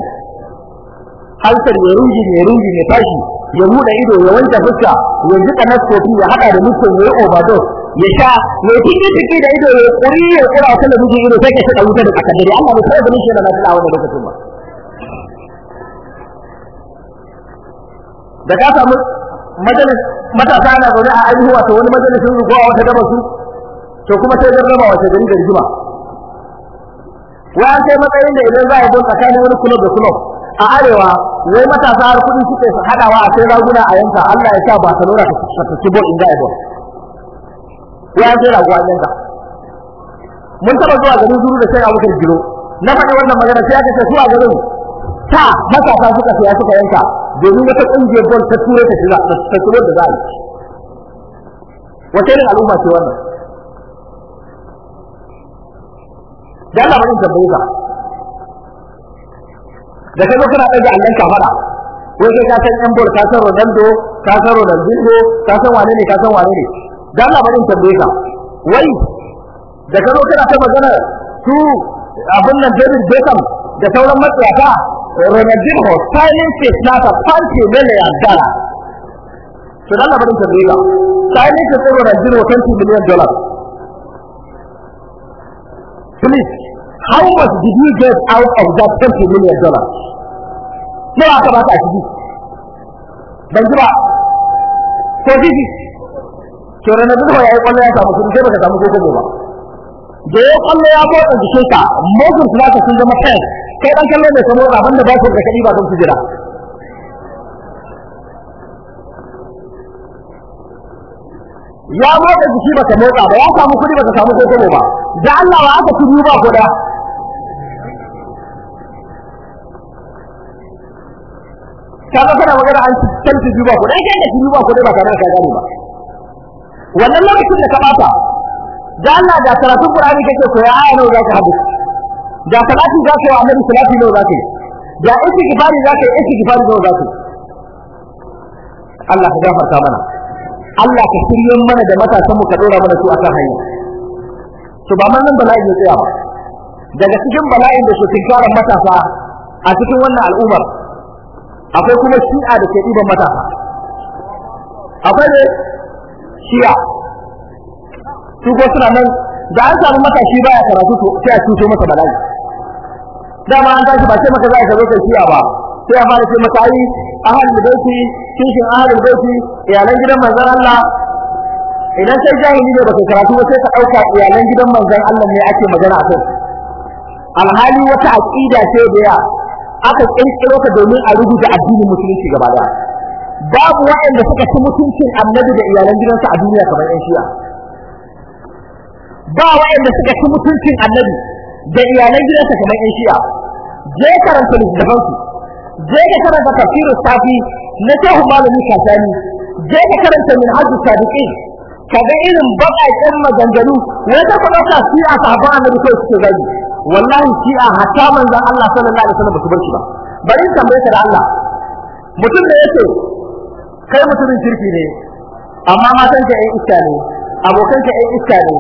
halsar ya ruji ne ruji ne tashi ya bude ido ya wanke fuska ya jika naskofi ya haɗa da mutum ya yi overdose ya sha ya tiki tiki da ido ya kuri ya kura ta da miji ido sai ka shiga wuta da kasar dare Allah ne sai da shi da na tsaya da lokacin ba da ka samu majalis matasa na gobe a aihuwa ta wani majalisin rugowa wata gaba to kuma sai jarraba wata gari da rigima wa an matsayin da idan za a go tsakanin wani kulub da kulub a arewa wai matasa har kudin suke su hadawa a sai raguna a yanka Allah ya sa Barcelona ta tafi bo inda ido ya sai raguwa yanka mun taba zuwa garin zuru da sai Abubakar Giro na faɗi wannan magana sai aka ce su a garin ta matasa suka siya suka yanka domin wata kungiyar bol ta ture ta shiga ta ture da zai wa yi ne al'umma ce wannan da Allah mun tambaye ka da kaga kana daga Allah ka wai kai ka san ɗan ka san Ronaldo ka san Ronaldinho ka san wane ne ka san wane ne da Allah mun ka wai da ta magana su abin nan David Beckham da sauran matsayata Ronaldinho silent face na ta fanti miliyan dala to da Allah mun tambaye ka silent face Ronaldinho 20 miliyan dollar Please, how much did you get out of that twenty million dollars? Nawa aka baka a ciki? Ban ji ba. Ko jiki? To rana zuwa ya yi kwallo ya samu sun sai baka samu koko ba. Da ya kwallo ya motsa jikinka, motsin su sun zama kayan. Kai ɗan kallon mai ka motsa banda ba su da kaɗi ba don su jira. ya motsa jiki baka motsa ba ya samu kudi baka samu kokoro ba da Allah wa aka kudi ba kuda kaga kana magana an cikin kudi ba kuda kai da kudi ba kuda ba kana ka gani ba wannan lokacin da ka bata da Allah da karatu Qur'ani kake ya aya nawa ka hadu da salati zaka yi annabi salati nawa zaka yi da za zaka yi istighfari nawa zaka yi Allah ya gafarta mana Allah ka shirye mana da matasan mu ka dora mana su akan hanya to ba man nan bala'i ne tsaya ba daga cikin bala'in da su tinkara matasa a cikin wannan al'ummar akwai kuma shi'a da ke ɗiban matasa akwai ne shi'a su ko suna nan da an samu matashi baya karatu to sai a cuto masa bala'i dama an tashi ba sai maka za ka zo kai shi'a ba sai a fara ce mata ai ahlul baiti kishin ahlul baiti iyalan gidan manzon Allah idan sai jahili ne baka karatu ba sai ka dauka iyalan gidan manzon Allah ne ake magana a kai alhali wata aqida ce da ya aka kirkiro ka domin a rubuta addinin musulunci gaba daya babu waɗanda suka ci mutuncin annabi da iyalan gidansa a duniya kamar yan shi'a ba waɗanda suka ci mutuncin annabi da iyalan gidansa kamar yan shi'a je karanta littafansu je ka karanta tafsir safi na shehu malami kasani je ka karanta min hajj ka ga irin baƙaƙen maganganu wata kuma ta shi'a sahabban annabi kai suke gani wallahi a hatta manzon Allah sallallahu alaihi wasallam basu bar shi ba bari in tambaye ka da Allah mutum da yake kai mutumin kirki ne amma matan ka ƴan iska ne abokan ka ƴan iska ne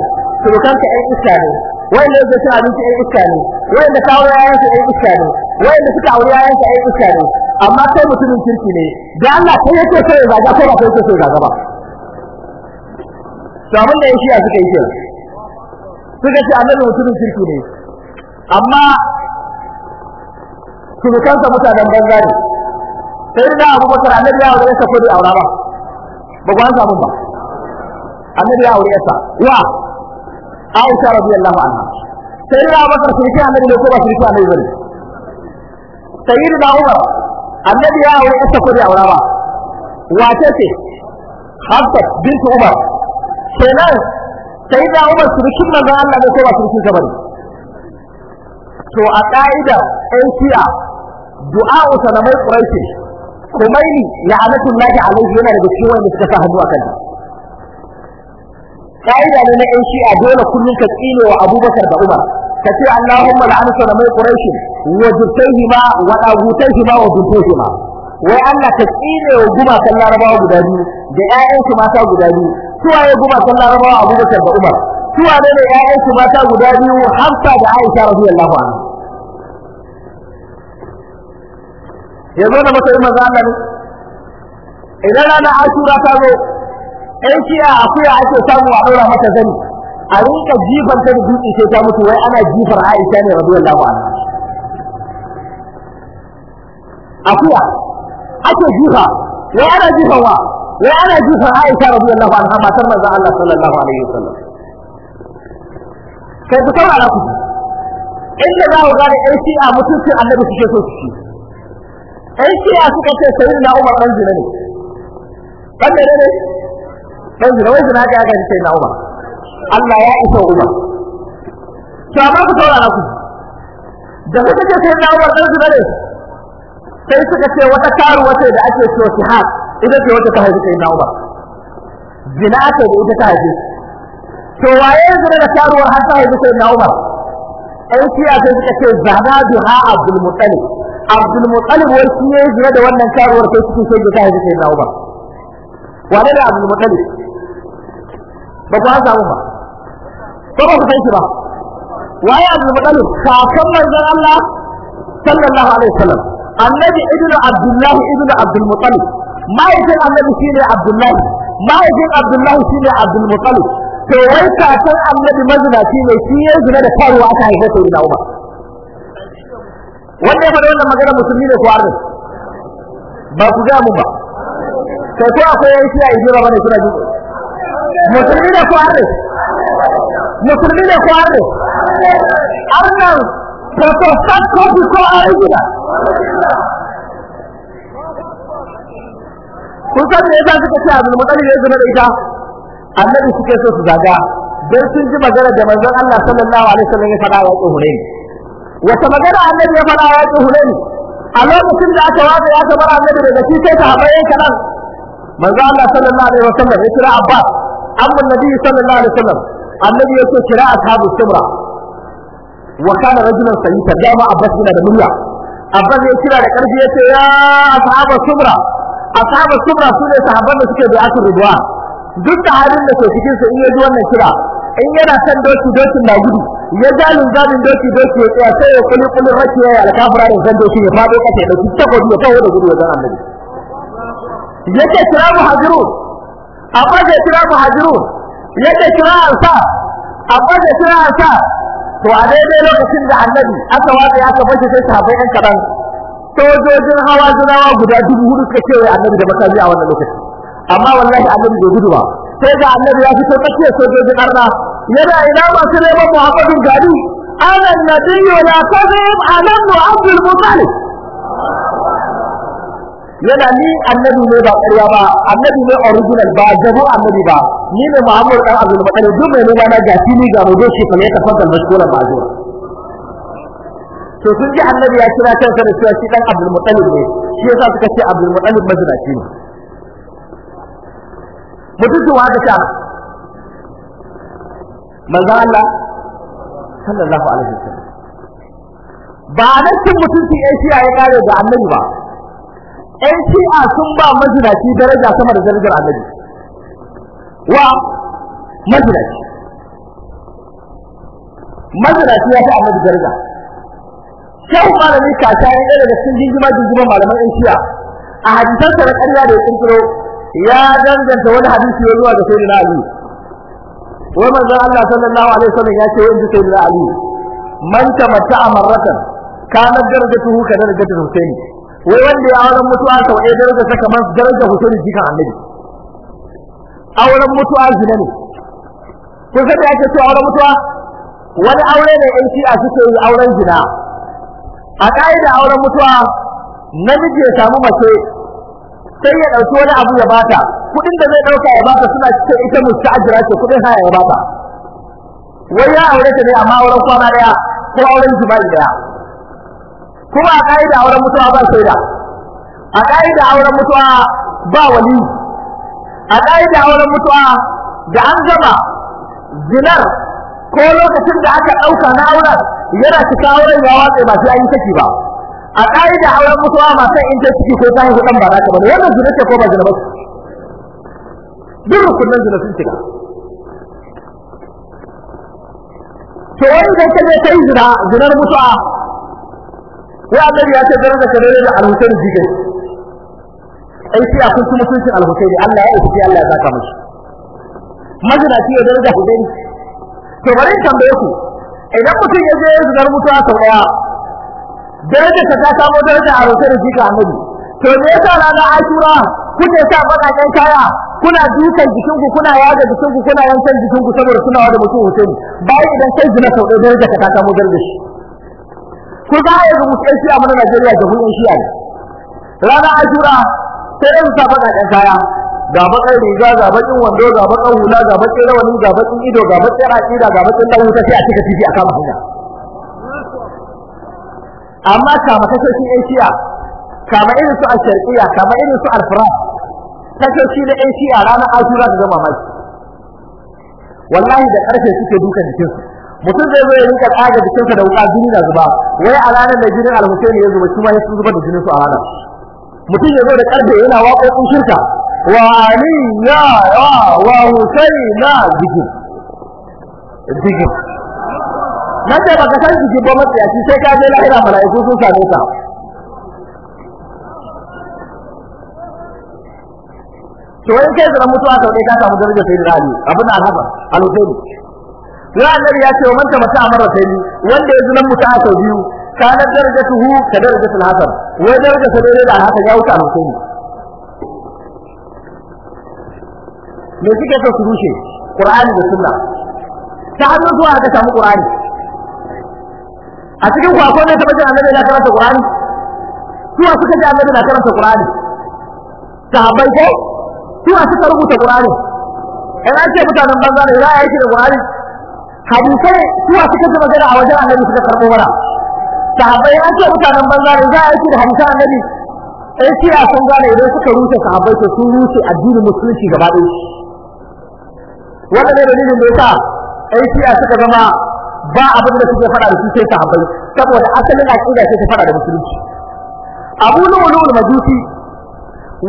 surukan ka ƴan iska ne wanda yake cin abinci ɗan iska ne wanda kawo yayan sa ɗan iska ne wanda suka aure yayan sa ɗan iska ne amma kai mutumin kirki ne da Allah kai yake so ya zaga ko ba kai yake so ya zaga ba to abin da yake ya suka yi kenan suka ce annabi mutumin kirki ne amma su kansa mutanen banza ne sai da Abu Bakar annabi ya aure sa ko da aura ba ba ku an samu ba annabi ya aure sa Aisha radiyallahu anha sayyidina Abubakar shirki annabi ne ko ba shirki annabi bane sayyidina Umar annabi ya aure ta ko da aura ba wace ce Hafsa bint Umar kenan sayyidina Umar shirkin manzo Allah ne ko ba shirkin sa bane to a ka'ida ɗan shi'a du'a usanamai quraishi kumaini la'anatullahi alaihi yana daga cikin wanda suka sa hannu a kanta ka'ida ne na yan shi'a dole kullum ka tsine wa abubakar da umar ka ce allahumma la'an salamai quraish wa jibtayhima wa dagutayhima wa jibtayhima wai Allah ka tsine wa gumakan larabawa guda biyu da ƴaƴansu mata guda biyu suwaye gumakan larabawa abubakar da umar suwaye ne ƴaƴansu mata guda biyu hamsa da aisha radiyallahu anha yanzu da masa yi maza Allah ne idan ranar ashura ta zo ɗan a akuya ake samu a ɗora mata zani a rinka jifar ta da dutse sai ta mutu wai ana jifar Aisha ne rabuwar radiyallahu a akuya ake jifa wai ana jifar wa wai ana jifar Aisha radiyallahu anha matar manzon Allah sallallahu alaihi wasallam kai ku ala ku inda za ku gane ɗan a mutuncin annabi suke so su ci ɗan kiya suka ce na Umar ɗan zina ne ɗan ne dan jira wai jira ga ga sai na Umar Allah ya isa Umar to amma ku taurara ku da kuka ce sai na Umar dan jira ne sai suka ce wata karuwa ce da ake so ki ha ita ce wata ta haifi sai na Umar zina ce da ita ta haifi to waye zina da karuwar har ta haifi sai na Umar ai kiya sai suka ce zaba duha Abdul Muttalib Abdul Muttalib wai shi ne da wannan karuwar sai suke so ta haifi sai na Umar wane da Abdul Muttalib ba ku an ba ko ba ku san shi ba waye Abdul Muttalib kakan manzon Allah sallallahu alaihi wasallam annabi ibnu Abdullah ibnu Abdul Muttalib mahaifin annabi shine Abdullahi mahaifin Abdullahi shine Abdul Muttalib to wai kakan annabi mazina shine shi ya zina da karuwa aka haifa sai da Umar wanda ya faɗa wannan magana musulmi ne ko arna ba ku ga mu ba sai ko akwai yayi shi a jira bane kuna jin musulmi da kware musulmi da kware annan protestant ko ko gida. kun san me yasa suka ce abin mutane ne zama da ita annabi suke so su zaga dan sun ji magana da manzon Allah sallallahu alaihi wasallam ya faɗa wa Hunayn wata magana annabi ya faɗa wa Hunayn a lokacin da aka wafe ya bar annabi daga shi sai sahabbai kanan manzo Allah sallallahu alaihi wasallam ya kira Abbas amma annabi sallallahu alaihi wasallam annabi yake kira ashabu kubra wa kana rajulan sayyita dama abbas yana da murya abbas ya kira da karfi ya ashabu kubra ashabu kubra su ne sahabban da suke da asu rubuwa duk da halin da ke cikin su in yaji wannan kira in yana san doki dokin na gudu ya ja linzamin doki doki ya tsaya sai ya kuli kulin rashi ya alkafura da zan doki ya fado kasa ya dauki takobi ya kawo da gudu wajen annabi yace kira muhajirun amma da kira hajiru yadda kira sa amma da kira sa to a daidai lokacin da annabi aka wata ya kafa shi sai sahabbai ɗan kaɗan sojojin hawa jirawa guda dubu hudu suka kewaye annabi da makami a wannan lokacin amma wallahi annabi bai gudu ba sai ga annabi ya fito tsakiyar sojojin arna yana ina masu neman muhammadin gari ana nabiyyu la kadhib ala abdul mutalib yana ni annabi ne ba ƙarya ba annabi ne original ba jabu annabi ba ni ne Muhammad dan Abdul Muttalib duk mai nuna na ga ni ga rodo shi kamar da fadal ba zuwa to sun ji annabi ya kira kansa da cewa shi dan Abdul Muttalib ne shi yasa suka ce Abdul Muttalib majinaci ne mutuwa da ta manzo Allah sallallahu alaihi wasallam ba nan cin mutunci ya shi ya kare da annabi ba ɗan shi'a sun ba mazinaci daraja sama da darajar annabi wa mazinaci mazinaci ya fi annabi daraja Kyau malami kasa ya daga cikin jinjima jinjima malaman ɗan shi'a a hadisansa na ƙarya da ya ƙirƙiro ya danganta wani hadisi ya zuwa ga na ali wai manzon Allah sallallahu alaihi wasallam ya ce wa sai sayyidina ali man tamatta'a marratan kana darajatuhu ka darajatu husaini wai wanda ya auren mutuwa sau ɗaya daraja ta kamar daraja hussein jikan annabi auren mutuwa zina ne kun san da ake cewa auren mutuwa wani aure ne yan shi'a suke yi auren zina a da auren mutuwa namiji ya samu mace sai ya ɗauki wani abu ya bata kuɗin da zai ɗauka ya bata suna cike ita musta'ajira ce kuɗin haya ya bata wai ya aure ta ne amma auren kwana ɗaya ko auren jima'i ɗaya kuma a da auren mutuwa ba shaida a da auren mutuwa ba wali a da auren mutuwa da an gama zinar ko lokacin da aka ɗauka na auren yana cika auren ya watsa ba shi an yi saki ba a da auren mutuwa masu in ta ciki ko ta haihu dan ba za ta bane wannan zina ce ko ba zina ba duk rukunin zina sun cika. to wani zai kaje kai zina zinar mutuwa Wa annabi ya ce daraja ka dare da al-Husayn jike ai sai a kuntu mutuncin al-Husayn Allah ya ubi Allah ya saka mishi majina ce daraja Husayn to bari in tambaye ku idan mutum ya je zubar mutuwa sau daya daraja ta ta samu daraja a Husayn jike annabi to me yasa rana Ashura kuke sa bakakan kaya kuna dukan jikinku kuna yaga jikinku kuna yankan jikinku saboda kuna wada mutum Husayn bai idan sai zina sau daya daraja ta ta samu daraja shi ku ga yanzu musulunci a mana Najeriya da kun shi ne rana ashura sai ɗan sa baka ɗan kaya ga bakan riga ga bakin wando ga bakan hula ga bakin rawani ga bakin ido ga bakin aqida ga bakin dan wuta sai a cika titi a kama hanya amma kama kasashen a kama irin su al-sharqiyya kama irin su al-faras kasashe da Asia ranar ashura da zama mamaki wallahi da karfe suke duka jikinsu mutum zai zo ya rinka tsaga jikinsa da wuka jini na zuba wai a ranar da jinin alhusaini ya zuba kuma ya zuba da jinin su a ranar mutum ya zo da karfe yana waƙoƙin shirka wa aliya wa wa husaina jikin jikin na ce baka san jikin ba matsayaci sai ka je lahira mala'iku sun kai zira mutuwa sau ɗaya ka samu ali ya annabi ya ce wa man tamata amara sai wanda ya zunan a sau biyu kana darajatuhu ka darajatul hasan wai daraja sa dai da haka ya wuce alheri me suke so su rushe qur'ani da sunna ta hannun zuwa ka samu qur'ani a cikin ku akwai ta bajin annabi na karanta qur'ani suwa suka ji annabi na karanta qur'ani sahabbai ko suwa suka rubuta qur'ani in an ce mutanen banza ne za a yi shi da qur'ani hadisai suwa suka ji magana a wajen annabi suka karɓo mana sahabbai an ce mutanen banza ne za a yi da hadisan annabi sai kira sun gane idan suka rushe sahabbai to sun rushe addinin musulunci gaba ɗaya wannan ne dalilin da yasa sai suka zama ba abin da suke fada da su sai sahabbai saboda asalin aƙida sai ta faɗa da musulunci Abu Lu'lu al-Majusi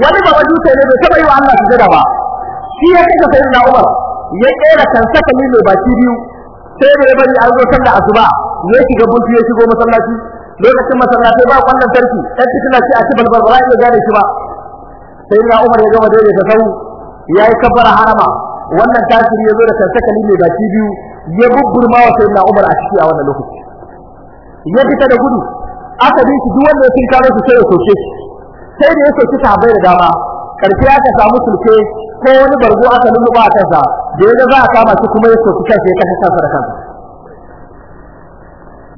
wani ba majusi ne bai taɓa yi wa Allah sujada ba shi ya kace na Umar ya kera kansa mai baki biyu sai da ya bari an zo sallar asuba ya shiga buntu ya shigo masallaci lokacin masallaci ba kwallon tarki dan tikina shi a ci balbal ba ya gane shi ba sai na Umar ya gama dole da sau yi kafara harama wannan tasiri ya zo da tantakali mai baki biyu ya bubburma wa na Umar a ciki a wannan lokaci ya fita da gudu aka bi shi duk wanda ya tinka masa sai ya soke shi sai da ya soke sahabbai da dama karfi aka samu sulke ko wani bargo aka lulluba a kansa da ya za a kama shi kuma ya soki kansa ya kashe kansa da kansa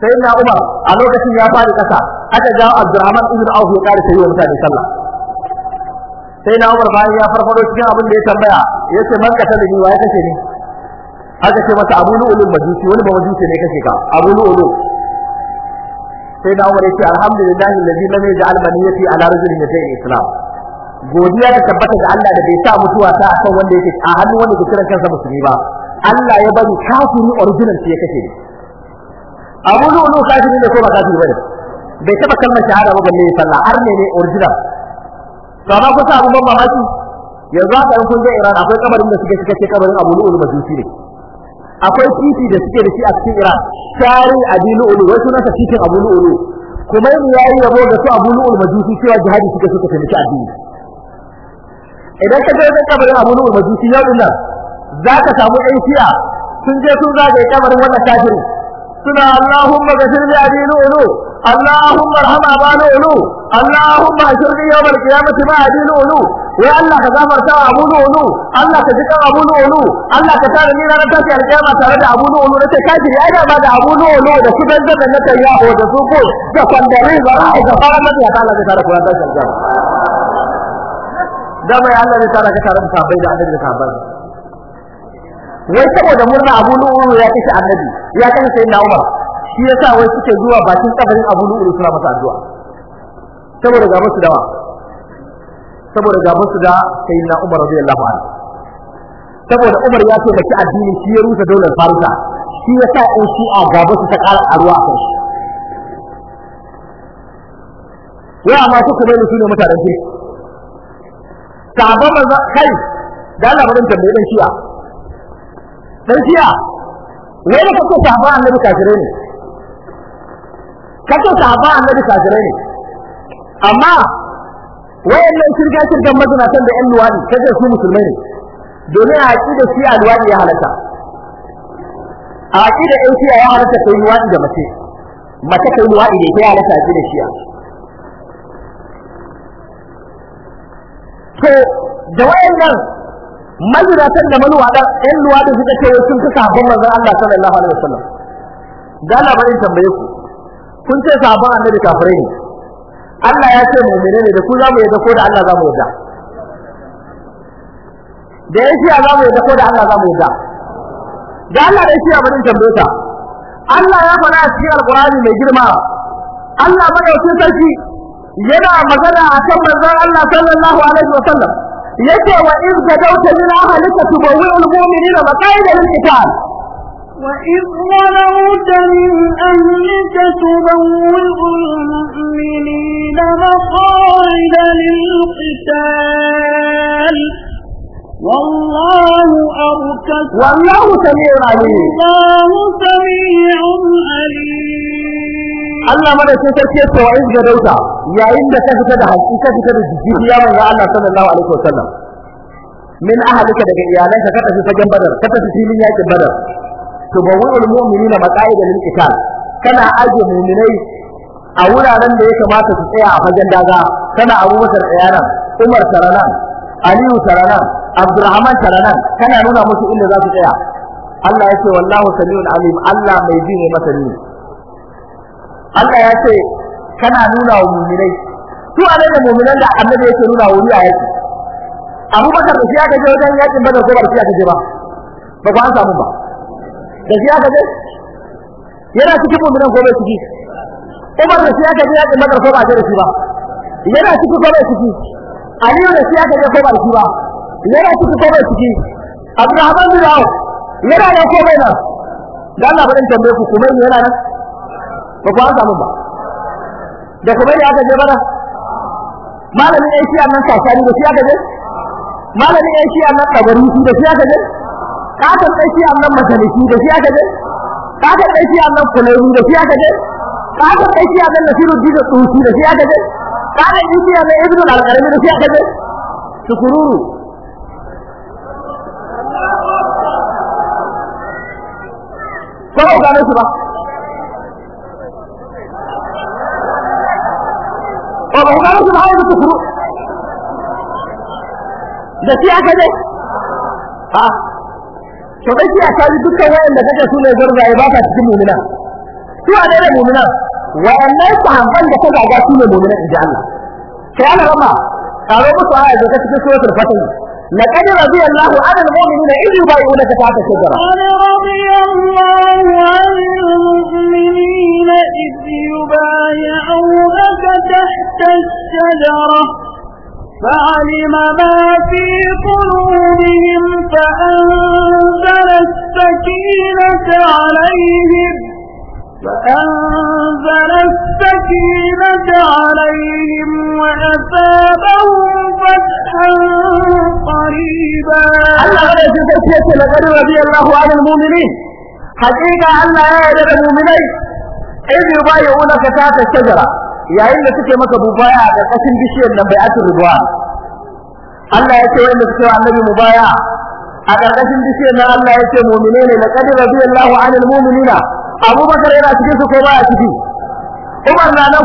sai na Umar a lokacin ya fadi kasa aka jawo Abdurrahman ibn Auf ya kare sai mutane sallah sai na Umar bayan ya farfado cikin abin da ya tambaya yace man ka tabi wa ya kace ni aka ce masa Abu Lu'lu majusi wani ba majusi ne kace ka Abu Lu'lu sai na Umar ce alhamdulillah alladhi lam yaj'al maniyati ala rajulin min al-islam godiya ta tabbata ga Allah da bai sa mutuwa ta a akan wanda yake a hannu wanda ke kiran kansa musulmi ba Allah ya bari kafiri original ce kake ne Abu Lulu kafiri ne ko ba kafiri bane bai taba kalmar shahada ba balle sallah har ne ne original to amma kusa abu ban mamaki yanzu haka in kun je Iran akwai kabarin da suke suka ce kabarin Abu Lulu majusi ne akwai titi da suke da shi a cikin Iran shari Abu Lulu wai sunan sa titin Abu Lulu kuma yayi yabo ga su Abu Lulu majusi cewa jihadi suke suka taimaki addini idan ka je wajen kabarin Abu Nu'man Majusi yau din za zaka samu ɗan shi'a sun je sun zagaye kabarin wannan kafiri suna Allahumma ghafir li abi ulu, Allahumma ba nu ulu, Allahumma ashir li yawm al-qiyamati ma abi ulu, ya Allah ka zama wa Abu ulu, Allah ka jika Abu ulu, Allah ka tare ni ranar tashi alƙiyama tare da Abu da sai kafiri ai da ba da Abu ulu da su dan da na tayyaho da su ko da kwandare ba da fara mata ya Allah ka tare ku ran tashi alƙiyama dama ya Allah ne tara ka tare da sahabbai da annabi da sahabbai wai saboda murna Abu Lu'lu ya kashe annabi ya sai na Umar shi yasa wai suke zuwa bakin kabarin Abu Lu'lu suna masa addu'a saboda ga musu dawa saboda ga musu da sayyidina Umar radiyallahu anhu saboda Umar ya ce baki addini shi ya rusa daular Farisa shi yasa in shi a gaba su ta ƙara aruwa a kanshi ya ma su kuma ne su ne mutanen kirki sahaba maza kai da Allah tambayi tambaye dan shiya dan shiya ne kake kace annabi kafire ne kake sahaba annabi kafire ne amma wayannan shirga shirgan mazinatan da yan luwadi kaje su musulmai ne domin a da shi a luwadi ya halaka a aqida yan shiya ya halaka kai wani da mace mace kai wani ne kai halaka da shiya to da nan majalatan da maluwadan ɗan da suka ce sun fi sabon manzon Allah sallallahu alaihi wasallam da Allah bari tambaye ku kun ce sabon annabi kafirai ne Allah ya ce mu menene da ku za mu yadda ko da Allah za mu yadda da ya za mu yadda ko da Allah za mu yadda da Allah da ya shiya bari tambaye ta Allah ya fara a cikin alƙur'ani mai girma Allah madaukakin sarki yana magana akan manzon Allah sallallahu alaihi wasallam yake wa in kadauta min ahlika tubawwi'ul mu'minina maqaida lil qital wa in kadauta min ahlika أهلك mu'minina المؤمنين lil qital والله أركض والله سميع عليم والله سميع عليم Allah madaukin sai ya ce wa iz gadauta yayin da ka fita da haƙi ka fita da jiki ya manzo Allah sallallahu alaihi wasallam min ahlika daga iyalanka ka tafi fagen badar ka tafi filin yaƙin badar to ba wa'ul na maqaida lil qital kana aje mu'minai a wuraren da ya kamata su tsaya a fagen daga kana Abubakar tsayanan Umar taranan Aliyu taranan abdulrahman taranan kana nuna musu inda za su tsaya Allah ya ce wallahu sami'un alim Allah mai ji ne masani Allah ya ce kana nuna wa mu'minai su a da mu'minan da ya ce nuna wa wuri a yaki Bakar da shi aka wajen yakin bada ko ba shi aka je ba ba ku an samu ba da shi aka yana cikin mu'minan ko bai ciki Umar da shi aka je yakin bada ko ba da shi ba yana cikin ko bai ciki Ali da shi aka ko ba shi ba yana cikin ko bai ciki Abdurrahman bin Auf yana da ko bai nan da Allah ba dan tambaye ku kuma yana nan ba ku an samu ba da kuma ya aka je bara malamin ai shi annan kasani da shi aka je malamin ai shi annan kabari da shi aka je kaka sai shi annan masaliki da shi aka je kaka sai shi annan kulairu da shi aka je kaka sai shi annan nasiruddin da tsusi da shi aka je kaka sai shi annan ibnu al-qarami da shi aka je tukururu ko ga su ba ga su ba su kuro da shi aka dai ha to dai ya kaji dukkan wayanda kaje su ne zargaye ba ka cikin mu'mina su a dai mu'mina wayannan sahabban da kaga ga su ne mu'mina inji Allah sai Allah rama karo musu aya da cikin suratul fatih لقد رضي الله عن المؤمنين إذ يبايعونك تحت الشجرة قد رضي الله عن المؤمنين إذ يبايعونك تحت الشجرة فعلم ما في قلوبهم فأنزل السكينة عليهم فأنزل السكينة عليهم وأثابهم فتحا قريبا الله ولا يسكت لقد رضي الله عن المؤمنين حقيقة الله يا المؤمنين إذ يبايعونك تحت الشجرة yayin da suke maka mubaya a ƙarƙashin bishiyar nan bai'atul ridwan Allah ya ce wanda suke annabi mubaya a ƙarƙashin bishiyar nan Allah ya ce mu'mine ne laqad radiyallahu 'anil mu'minina Abu Bakar yana cikin su ko baya ciki Umar na nan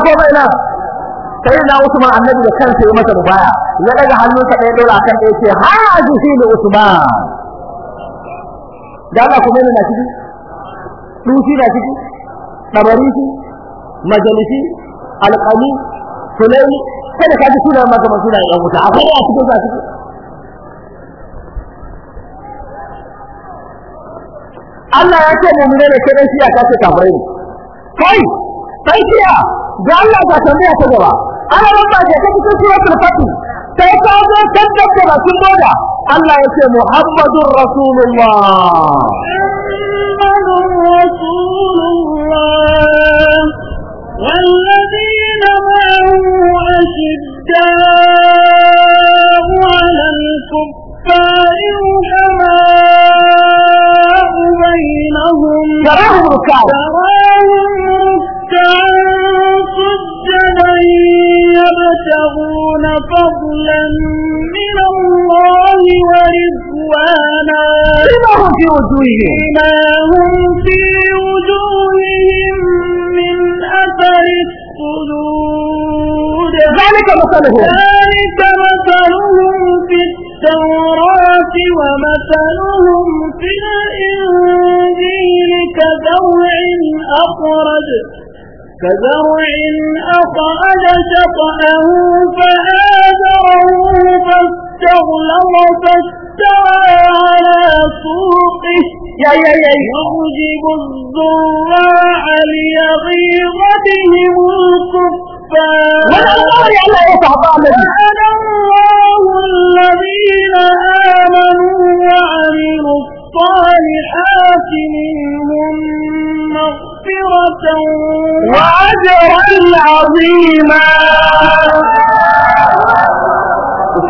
sai na Usman annabi da kansa ya masa mubaya ya daga hannunsa ɗaya dole akan ɗaya ce ha da Usman dama kuma ne na ciki tusi na ciki tabarisi majalisi alqami sulaimi sai da kaji suna maka masuna ya wuta akwai a cikin sa ciki Allah ya ce mu ne da kai shi ya kace kafirai kai sai ya ga Allah ka tambaya ta gaba ana rabba ta ta cikin suratul fatih sai ta zo tantance bakin boda Allah ya ce Muhammadur Rasulullah Muhammadur Rasulullah والذين معه أشداء على الكفار رحماء بينهم تراهم ركعا تراهم ركعا يبتغون فضلا من الله ورضوانا بما هم في وجوههم هم في وجوههم من أثر الصدود ذلك مثلهم ذلك مثلهم في التوراة ومثلهم في الإنجيل كزرع أخرج كزرع أقعد شطأه فآذره فاستغلظ فاسترى على سوقه يا يا يا يعجب الزراع ليغيظ بهم الكفار الله الذين آمنوا وعملوا الصالحات منهم مغفرة وأجرا عظيما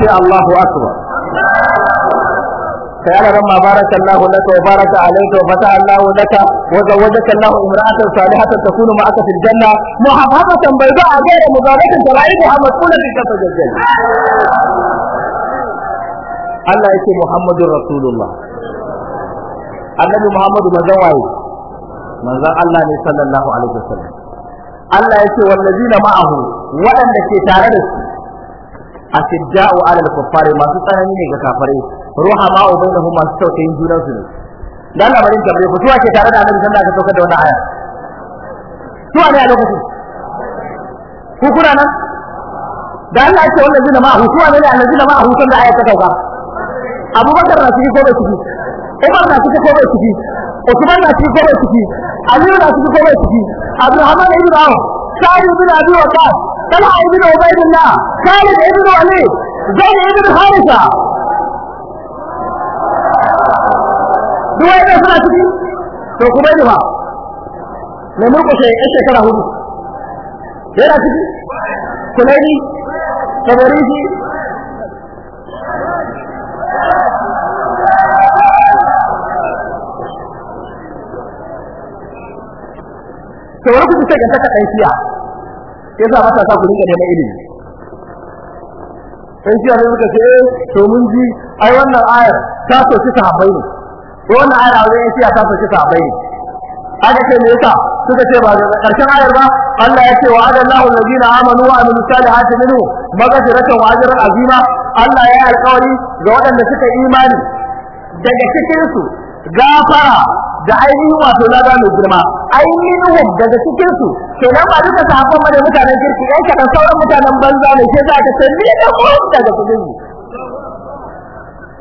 شاء الله أكبر فعلى لما بارك الله لك وبارك عليك وفتح الله لك وزوجك الله امرأة صالحة تكون معك في الجنة محفظة بيضاء غير مضارة مدخولة في كفر الجنة الله يكون محمد رسول الله annabi Muhammadu manzon waye manzon Allah ne sallallahu alaihi wasallam Allah yace wallazina ma'ahu waɗanda ke tare da su asidda'u 'ala al-kuffari masu tsanani ne ga kafare ruhama bainahum masu tausayin junan su ne dan labarin kabri ku tuwa ke tare da annabi sallallahu alaihi wasallam da wannan aya tuwa ne a lokacin ku kuna nan da Allah yace wallazina ma'ahu tuwa ne allazina ma'ahu san da aya ta kauka Abubakar Rasul ko da shi Umar na cikin ko bai ciki Usman na cikin ko bai ciki Ali na cikin ko bai ciki Abdulrahman ibn Auf Sa'id ibn Abi Waqqas Talha ibn Ubaydillah Khalid ibn Walid Zaid ibn Haritha duwai da suna ciki to kuma yi ba mai murkushe ya shekara hudu yana ciki kulaini tabarisi to kuma kuka ce ganta ka dan shiya yasa matasa ku rinka neman ilimi sai shiya ne suka ce eh, to mun ji ai wannan ayar ta soki sahabbai ne ko wannan ayar a wajen shiya ta soki sahabbai ne aka ce me yasa suka ce ba da karshen ayar ba Allah ya ce wa adallahu allazina amanu wa amilu salihati minhu maghfiratan wa ajran azima Allah ya yi alƙawari ga waɗanda suka imani daga cikin su gafara da ainihin wato lada mai girma ainihin daga cikin su kenan ba duka sahabban bane mutanen kirki ɗan da sauran mutanen banza ne sai za ka san ni da mu daga cikin su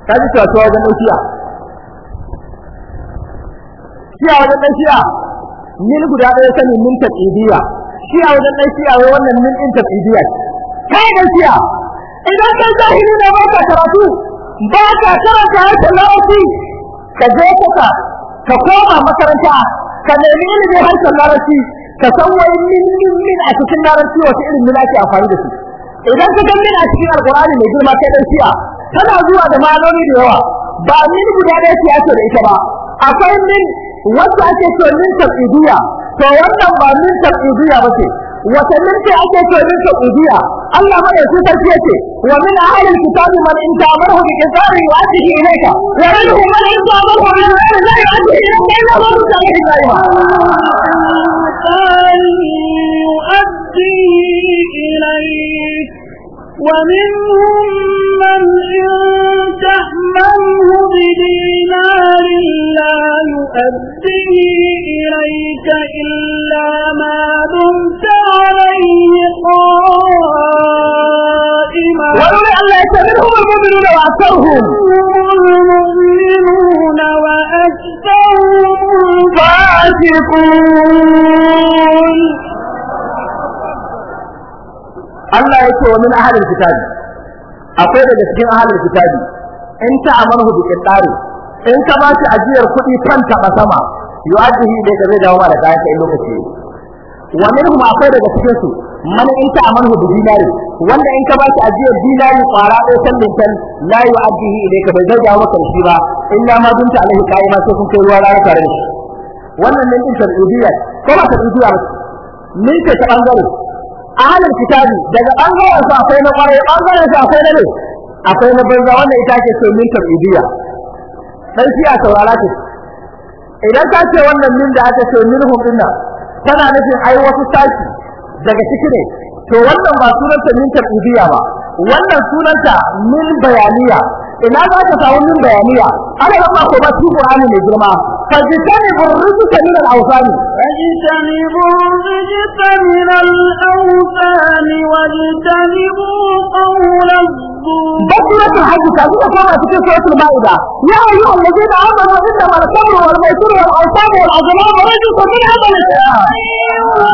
kaji ji cewa tuwa wajen ɗaukiya shiya wajen shiya min guda ɗaya sanin min taƙidiyya shiya wajen shiya, wa wannan min ɗin taƙidiyya kai ɗaukiya idan kai zahiri ne ba ka karatu ba ka karanta harshen lafi ka je kuka ka koma makaranta ka nemi ilimi harshen larabci ka san wani min min min a cikin larabci wasu irin min a amfani da su idan ka san min a cikin alqur'ani mai girma kai dan siya tana zuwa da malami da yawa ba min guda ɗaya siya ce da ita ba akwai min wacce ake so min tarbiya to wannan ba min tarbiya ba ce وسلم في أكي تؤمن في الله ما يسوس الفيتي ومن أهل الكتاب من إن تعمره بكتاب يؤديه إليك ومنه من إن تعمره بكتاب يؤديه إليك ومنهم من إن تحمله بدينار لا يؤدي إليك إلا ما دمت عليه قائما ولولا أن لا يتمنهم المؤمنون وأكثرهم المؤمنون وأكثرهم فاسقون Allah ya ce wa min ahalin kitabi akwai daga cikin ahalin kitabi in ta amarhu bi kitabi in ka ba shi ajiyar kuɗi kan taɓa sama yu'addihi da zai dawo da kayan sai lokaci wa huma akwai daga cikin su man in ta amarhu bi dinari wanda in ka ba shi ajiyar dinari kwara ɗaya sallin tan la yu'addihi ilayka bai zai dawo maka shi ba illa ma dunta alaihi qaima sai kun kai ruwa rana tare wannan ne din tarbiyyar ko ba tarbiyyar ne ce ta ɓangare. ahalin kitabi daga bangaren su akwai na kwarai bangaren su akwai na ne akwai na banza wanda ita ce so min tauhidiyya dan shi a saurara ce idan ka ce wannan min da aka ce min hukun nan tana nufin ai wasu saki daga ciki ne to wannan ba sunanta min tauhidiyya ba wannan sunanta min bayaniya ina za ka samu min bayaniya ana ba ko ba su Qur'ani mai girma fajitani burrusu min al-awsani fajitani burrusu الرجس من الأوثان واجتنبوا قول الزور بطلة الحج تعزيزة كما تكون سورة البائدة يا أيها الذين آمنوا إنما الخمر والميسور والأوثان والعظمان والرجس من الشيطان آمنوا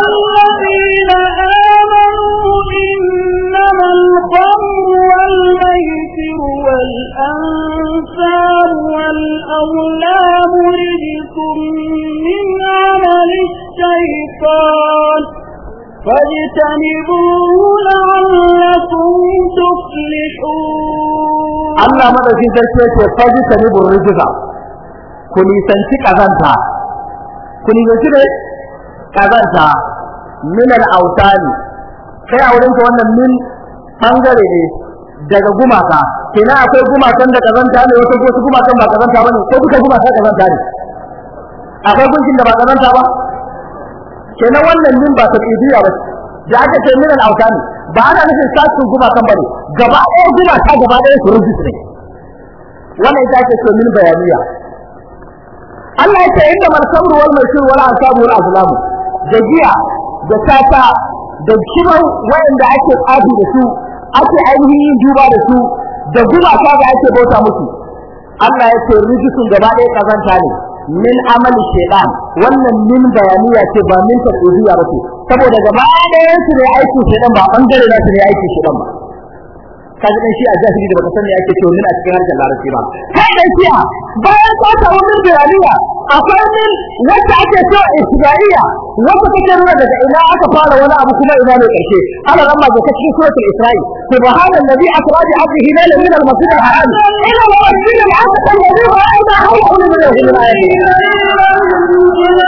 إنما الخمر والميسر والأنفار والأغلام رجس من عمل الشيطان فاجتنبوه لعلكم تفلحون الله ماذا في ذلك فاجتنبوا الرجس ku nisanci kazanta ku nisanci da kazanta minar autani kai a wurin ka wannan min bangare ne daga gumaka kenan akwai gumakan da kazanta ne wato wasu gumakan ba kazanta bane ko duka gumaka kazanta ne akwai gunkin da ba kazanta ba kenan wannan min ba tabidiya ba da aka ce min al ba ana nufin sasu gumakan bane gaba ɗaya gumaka gaba ɗaya su su ne, wannan ita ce min bayaniya Allah ya ce inda marsabu wal mashur wal asabu wal azlamu da jiya da sata da kibar wayanda ake tsafi da su ake ainihin duba da su da guba ta ga ake bauta musu Allah ya ce rijisun gaba ɗaya kazanta ne min amali shaytan wannan min bayaniya ce ba min tafsiriya ba ce saboda gaba ɗaya su ne aikin shaytan ba bangare na su ne aikin shaytan ba ka ji dan shi'a jahili da baka san me ake cewa min a cikin harshen larabci ba kai dan shi'a bayan ka samu min biraniya akwai min wacce ake cewa isra'iya wacce take nuna daga ina aka fara wani abu kuma ina ne karshe Allah ramma ga ta cikin suratul isra'i subhana allazi asra bi abdihi layla min al-masjid al-haram ila al-masjid al-aqsa alladhi ba'ada hawlahu min al-ayatin ila al-masjid al-haram ila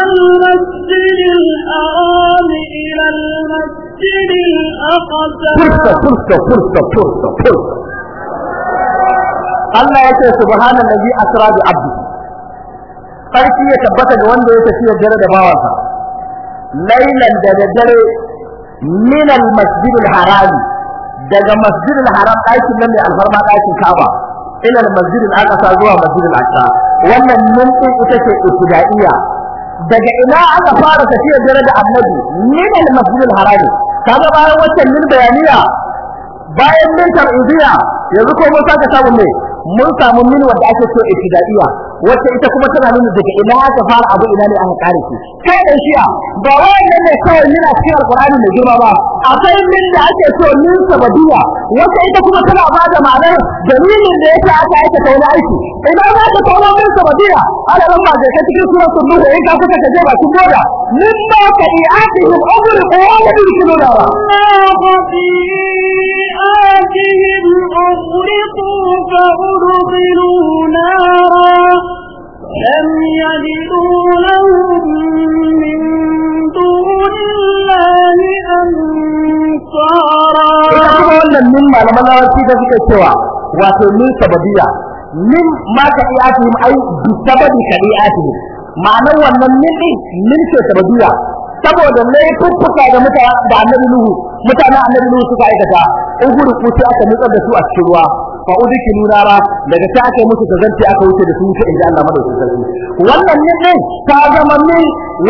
al-masjid الخاسر الأقدر فرصة فرصة فرصة فرصة فرصة الله يتي سبحان الذي أسرى بعبده sarki ya tabbata da wanda ya tafiya dare da bawansa lailan da dare min al-masjid al-haram daga masjid al-haram ɗakin nan mai alfarma ɗakin kaba. ila al-masjid al-aqsa zuwa masjid al-aqsa wannan mun din ita ce ibtidaiya daga ina aka fara tafiya dare da annabi min al-masjid al-haram kaga bayan waccan lil bayaniya bayan min tarbiya yanzu ko mun saka samu ne mun samu min wanda ake so ibtidaiya wacce ita kuma tana nuna daga ina aka fara abu ina ne aka kare shi kai dan shi'a ba wannan ne kawai yana cikin alqur'ani mai girma ba akwai min da ake so min sabadiya wata ita kuma tana ba da ma'anar dalilin da yasa aka ta wani aiki idan za ka kawo min sabadiya ala ran ma ka cikin suratul nuh in ka kuka kaje ba kun goda min ba ka yi atihim umri ko wani kilo da ba آتهم لم يجدوا لهم من lillahi ansara ita kuma wannan min malaman lawaci da suka cewa wato min sababiyya min ma ka iya ati ai bi sababi ka iya ati ma'anar wannan min din min ce sababiyya saboda laifuffuka da mutane da annabi nuhu mutane annabi nuhu suka aikata in gudu ku sai aka nutsar da su a cikin ruwa fa udkinu nara daga ta aka musu tazanci aka wuce da su wuce inda Allah madaukakin sarki wannan ne ta zama ne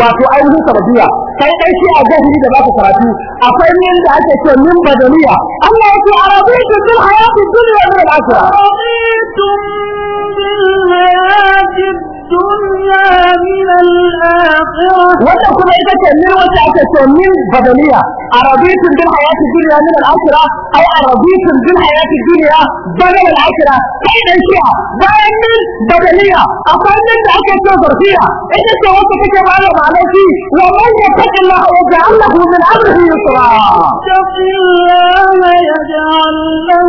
wato ainihin sababiya kai dai shi a gafiri da baka karatu akwai min da ake cewa min badaniya Allah ya ce arabitu bil hayati dunya wal akhirah arabitum bil hayati dunya min al akhirah wanda kuma ita ce min wata ake cewa min badaniya arabitu bil hayati dunya min al akhirah ay arabitu bil hayati dunya badal al akhirah kai dai shi bayan min badaniya akwai min da ake cewa zarfiya ita ce wata take ba da malaki wa man اتق الله يجعل له من امره يسرا اتق الله يجعل له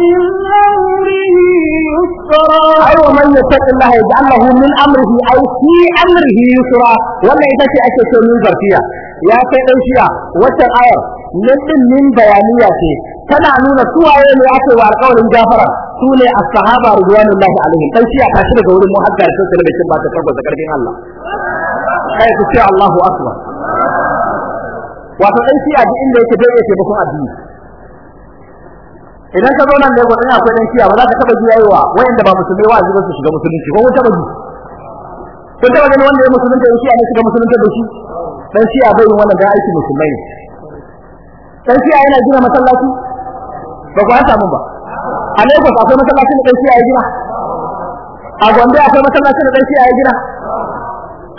من امره يسرا ايوه من يتق الله يجعل له من امره او في امره يسرا ولا اذا في اشياء من بركيه يا كاي دان شيا وتر ايه nan din tana nuna su suwaye ne ake wa alƙawarin Jafara su ne as-sahaba ridwanullahi alaihim dan shi a tashi daga wurin muhaddar sun sanar da kin ba ta tabbata karfin Allah kai ku ce Allahu akbar wato dan shi a duk inda yake dai yake bakon addini idan ka zo nan da gwadin akwai dan shi ba za ka taba ji wa wayanda ba musulmai wa azuba su shiga musulunci ko wata baji kun taba ganin wanda ya musulunta ya shi a ne shiga musulunta da shi dan shi a bai wannan da aiki musulmai ne dan shi yana gina masallaci ba ku an samu ba a Lagos akwai masallacin da dan shi'a ya gina a Gombe akwai masallacin da dan shi'a ya gina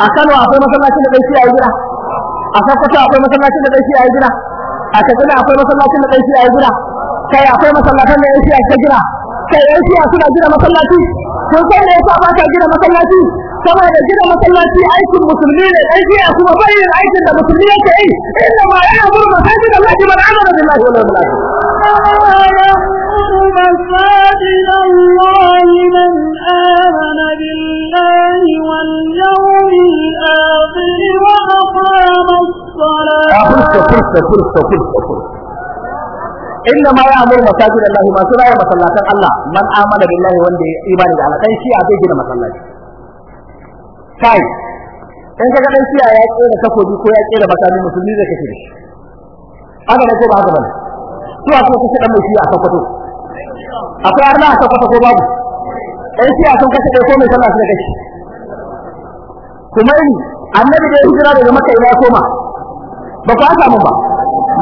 a Kano akwai masallacin da dan shi'a ya gina a Sokoto akwai masallacin da dan shi'a ya gina a Kaduna akwai masallacin da dan shi'a ya gina kai akwai masallacin da dan shi'a ya gina kai yan shi'a suna gina masallaci sun san me yasa ba ta gina masallaci كما يجد مسلاتي أيكم مسلمين أيدي أكما بين أيدي المسلمين أي إنما يأمر مساجد الله من عمر بالله ولا بالله مساجد الله من آمن بالله واليوم الآخر وأقام الصلاة فرصة فرصة فرصة فرصة إنما يأمر مساجد الله ما سرعي مسلاتي الله من آمن بالله وانده إيمان الله كان شيء عبيد fine in ka ga dan siya ya kera takobi ko ya kera makami musulmi zai kace shi haka ne ko ba haka bane Su a kuma kace dan mai siya a sakwato akwai na a sakwato ko babu dan siya sun kace ko mai sallah su da kace kuma in annabi da ya hijira daga maka ina ya koma ba ku samu ba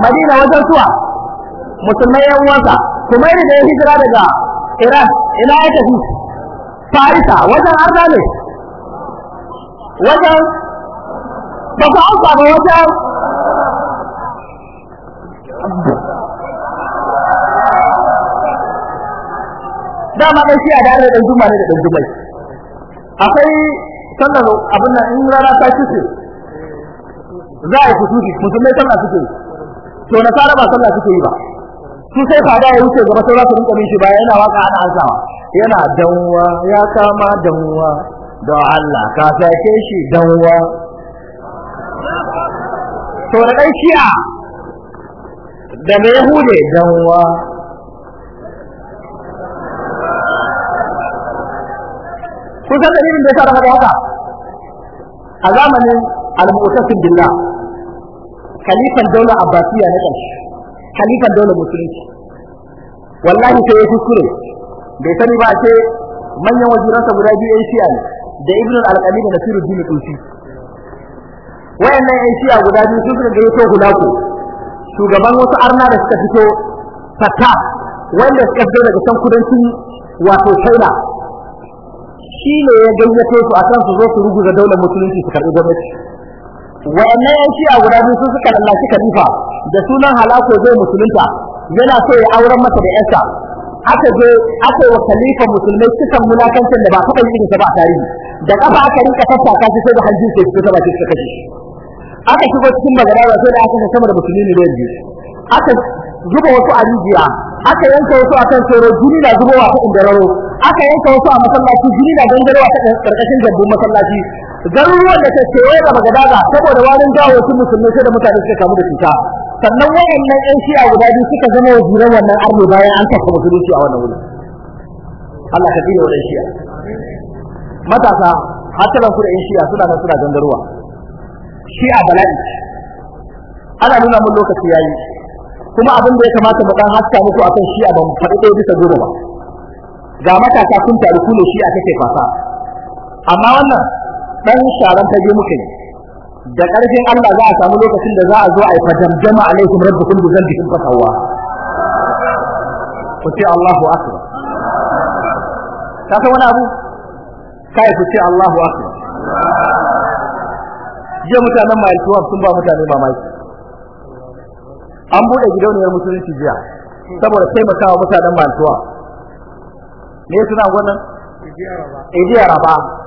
madina wajen suwa musulmai yan uwansa kuma in da ya hijira daga iraq ina ya tafi farisa wajen arna Wajen, ba ku amsa ba wata dama dan shi a da da ɗan juma ne da ɗan juma akwai sallar abin nan in rana ta kice za a yi kusufi musulmai sallah suke yi to na sara ba sallah suke yi ba su sai fada ya wuce gaba sai za su rinka min shi baya yana waka ana ansawa yana danwa ya kama danwa don Allah ka sake shi don wa to da ɗan shi'a da mai hude don wa kun san dalilin da ya sa da haka a zamanin al-mu'tasim billah khalifan daular abbasiya na ƙarshe khalifan daular musulunci wallahi sai ya kuskure bai sani ba ce manyan wajiransa guda biyu ya yi ne da ibn al-alqami da nasiruddin tusi wayannan yan shiya guda biyu sun suka guda ko shugaban wasu arna da suka fito fata wanda suka fito daga san kudancin wato China shi ne ya gayyato su akan su zo su ruguza daular musulunci su karbi gwamnati wayannan yan shiya guda biyu sun suka lallashi khalifa da sunan halako zai musulunta yana so ya auren masa da yarsa aka je aka wa khalifa musulmai cikan mulakancin da ba ka yin sa ba tarihi da kafa aka rinka ka shi sai da hanji sai suka ba shi ka kashe aka shigo cikin magana sai da aka kashe sama da musulmi ne biyu aka zuba wasu a rijiya aka yanka wasu a kan tsoro jini na zubowa ta indararo aka yanka wasu a masallaci jini na gangarowa ta karkashin jabbun masallaci garuruwan da ke kewaye da magadaga saboda warin dawo sun musulmi sai da mutane suka kamu da cuta sannan waɗannan ƴan shi'a guda biyu suka zama wajiran wannan arni bayan an kafa musulunci a wannan wurin Allah ka tsire wannan shi'a matasa hatalan ku da ƴan shi'a suna nan suna gangarwa shi'a bala'i ana nuna mun lokaci yayi kuma abin da ya kamata mu dan haska muku akan shi'a ba mu faɗi ɗaya bisa goma ba ga matasa kun taru ku ne shi'a take fasa amma wannan dan sharan ta je muke da ƙarfin Allah za a samu lokacin da za a zo a yi alaikum rabbukum bi dhanbikum fasawa ku ce Allahu akbar ka san wani abu kai ku Allahu akbar je mutanen mai tuwa sun ba mutane mamaki an bude gidauniyar musulunci jiya saboda sai mu kawo mutanen mai tuwa me suna ba idiyar raba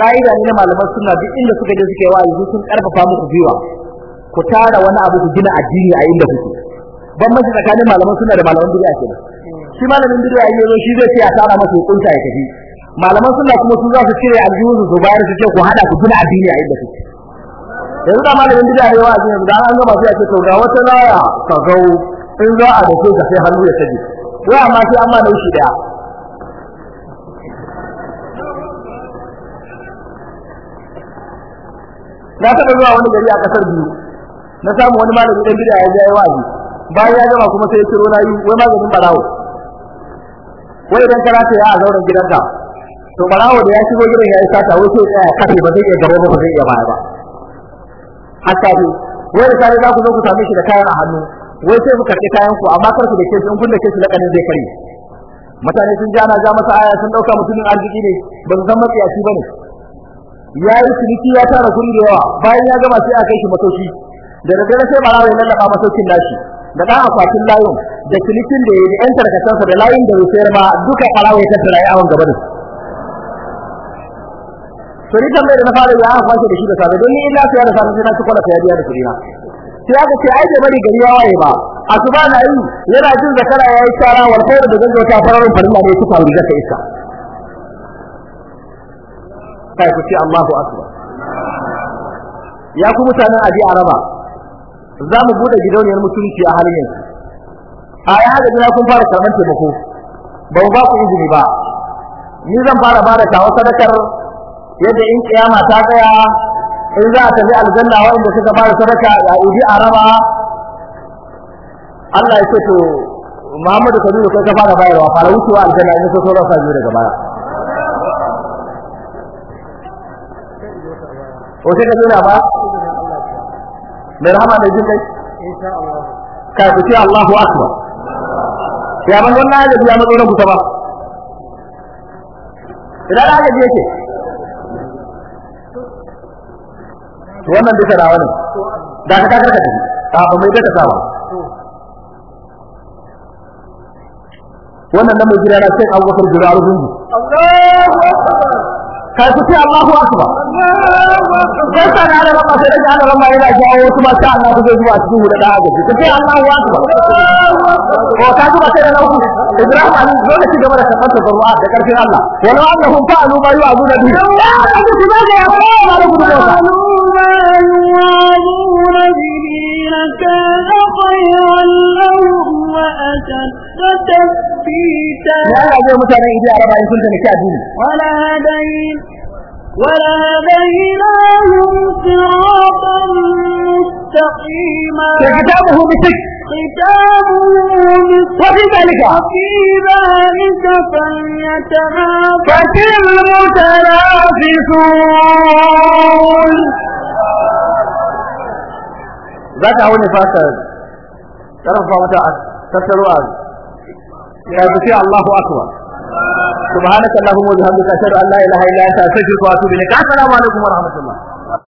ka'ida ne na malaman suna duk inda suka je suke yi wa'azi sun karfafa muku gwiwa ku tara wani abu ku gina addini a inda kuke ban bambanci tsakanin malaman suna da malaman bid'a kenan shi malamin bid'a yayin shi zai ce a tara masa hukunta ya tafi malaman suna kuma su za su cire aljihunsu su bayar su ce ku hada ku gina addini a inda kuke yanzu da malamin bid'a ne wa'azi yanzu da an gama sai a ce to ga wata laya ka gau in za a dace ka sai hannu ya tafi ko amma sai amma naushi daya na taɓa zuwa wani gari a ƙasar biyu na samu wani malami dan bid'a ya ja ya wa'azi bayan ya gama kuma sai ya kiro na yi wai maganin barawo wai idan kana ta ya a zauren gidan ka to barawo da ya shigo gidan ya yi sata wai sai ya kafe ba zai iya gaba ba zai iya baya ba hatta ne wai da sai za ku zo ku same shi da kayan a hannu wai sai ku karɓi kayan ku amma karku da kesu in kun da kesu lakanin zai kare mutane sun ja na ja masa aya sun dauka mutumin arziki ne ba su san matsiyaci bane ya yi ciniki ya tara kuri da yawa bayan ya gama sai a kai shi masauki da daddare sai marawa ya lallaba masaukin nashi da ɗan akwatin layin da cinikin da ya yi yan tarkacensa da layin da rusayar ma duka barawa ya tattara ya awon gaba da su. Suritan mai da na fara ya aka kwashe da shi da safe don ni illa sai da safe sai na ci yadda ya biya da kuɗi na. sai aka ce ai bai bari gari ya waye ba asuba na yi yana jin zakara yayi tsara wal khairu da gaggawa ta fararin farilla ne kuka riga ka iska. ku ce Allahu akbar ya ku mutanen abi araba za mu bude gidauniyar mutunci a halin yanzu a ya haɗa jira kun fara karban taimako ba mu ba ku izini ba ni zan fara bada kawo sadakar yadda in kiyama ta tsaya in za a tafi aljanna wanda suka fara sadaka ya ubi araba Allah ya ce to Muhammadu Kabiru kai ka fara bayarwa fara wucewa aljanna in so sauran biyu daga baya wata ka tuna ba mai rahama da jin kai ka ku ce Allahu akbar ya ban wannan ya kusa ba idan yake wannan da wani da ka kakar ka tafi mai daga sawa wannan nan mai na sai abubakar jira Allahu akbar kai ku Allahu akbar sai ka na ba sai Allah Allah zai zuwa cikin da da Ibrahim an dole shi gaba da tabbata da ru'a da karfin Allah walau annahum fa'alu ma Allah ga ya ko da كان خيرا له وأشد تثبيتا ولا ولهدين ولهديناهم صراطا مستقيما كتابه بسك ختامه وفي ذلك وفي ذلك فليتنافس فكل المتنافسون za ta hau ne fa ka karfa mata tattaro a ya zuci Allahu akbar subhanaka allahumma wa bihamdika ashhadu an la ilaha illa anta astaghfiruka wa atubu ilaik assalamu alaikum wa rahmatullah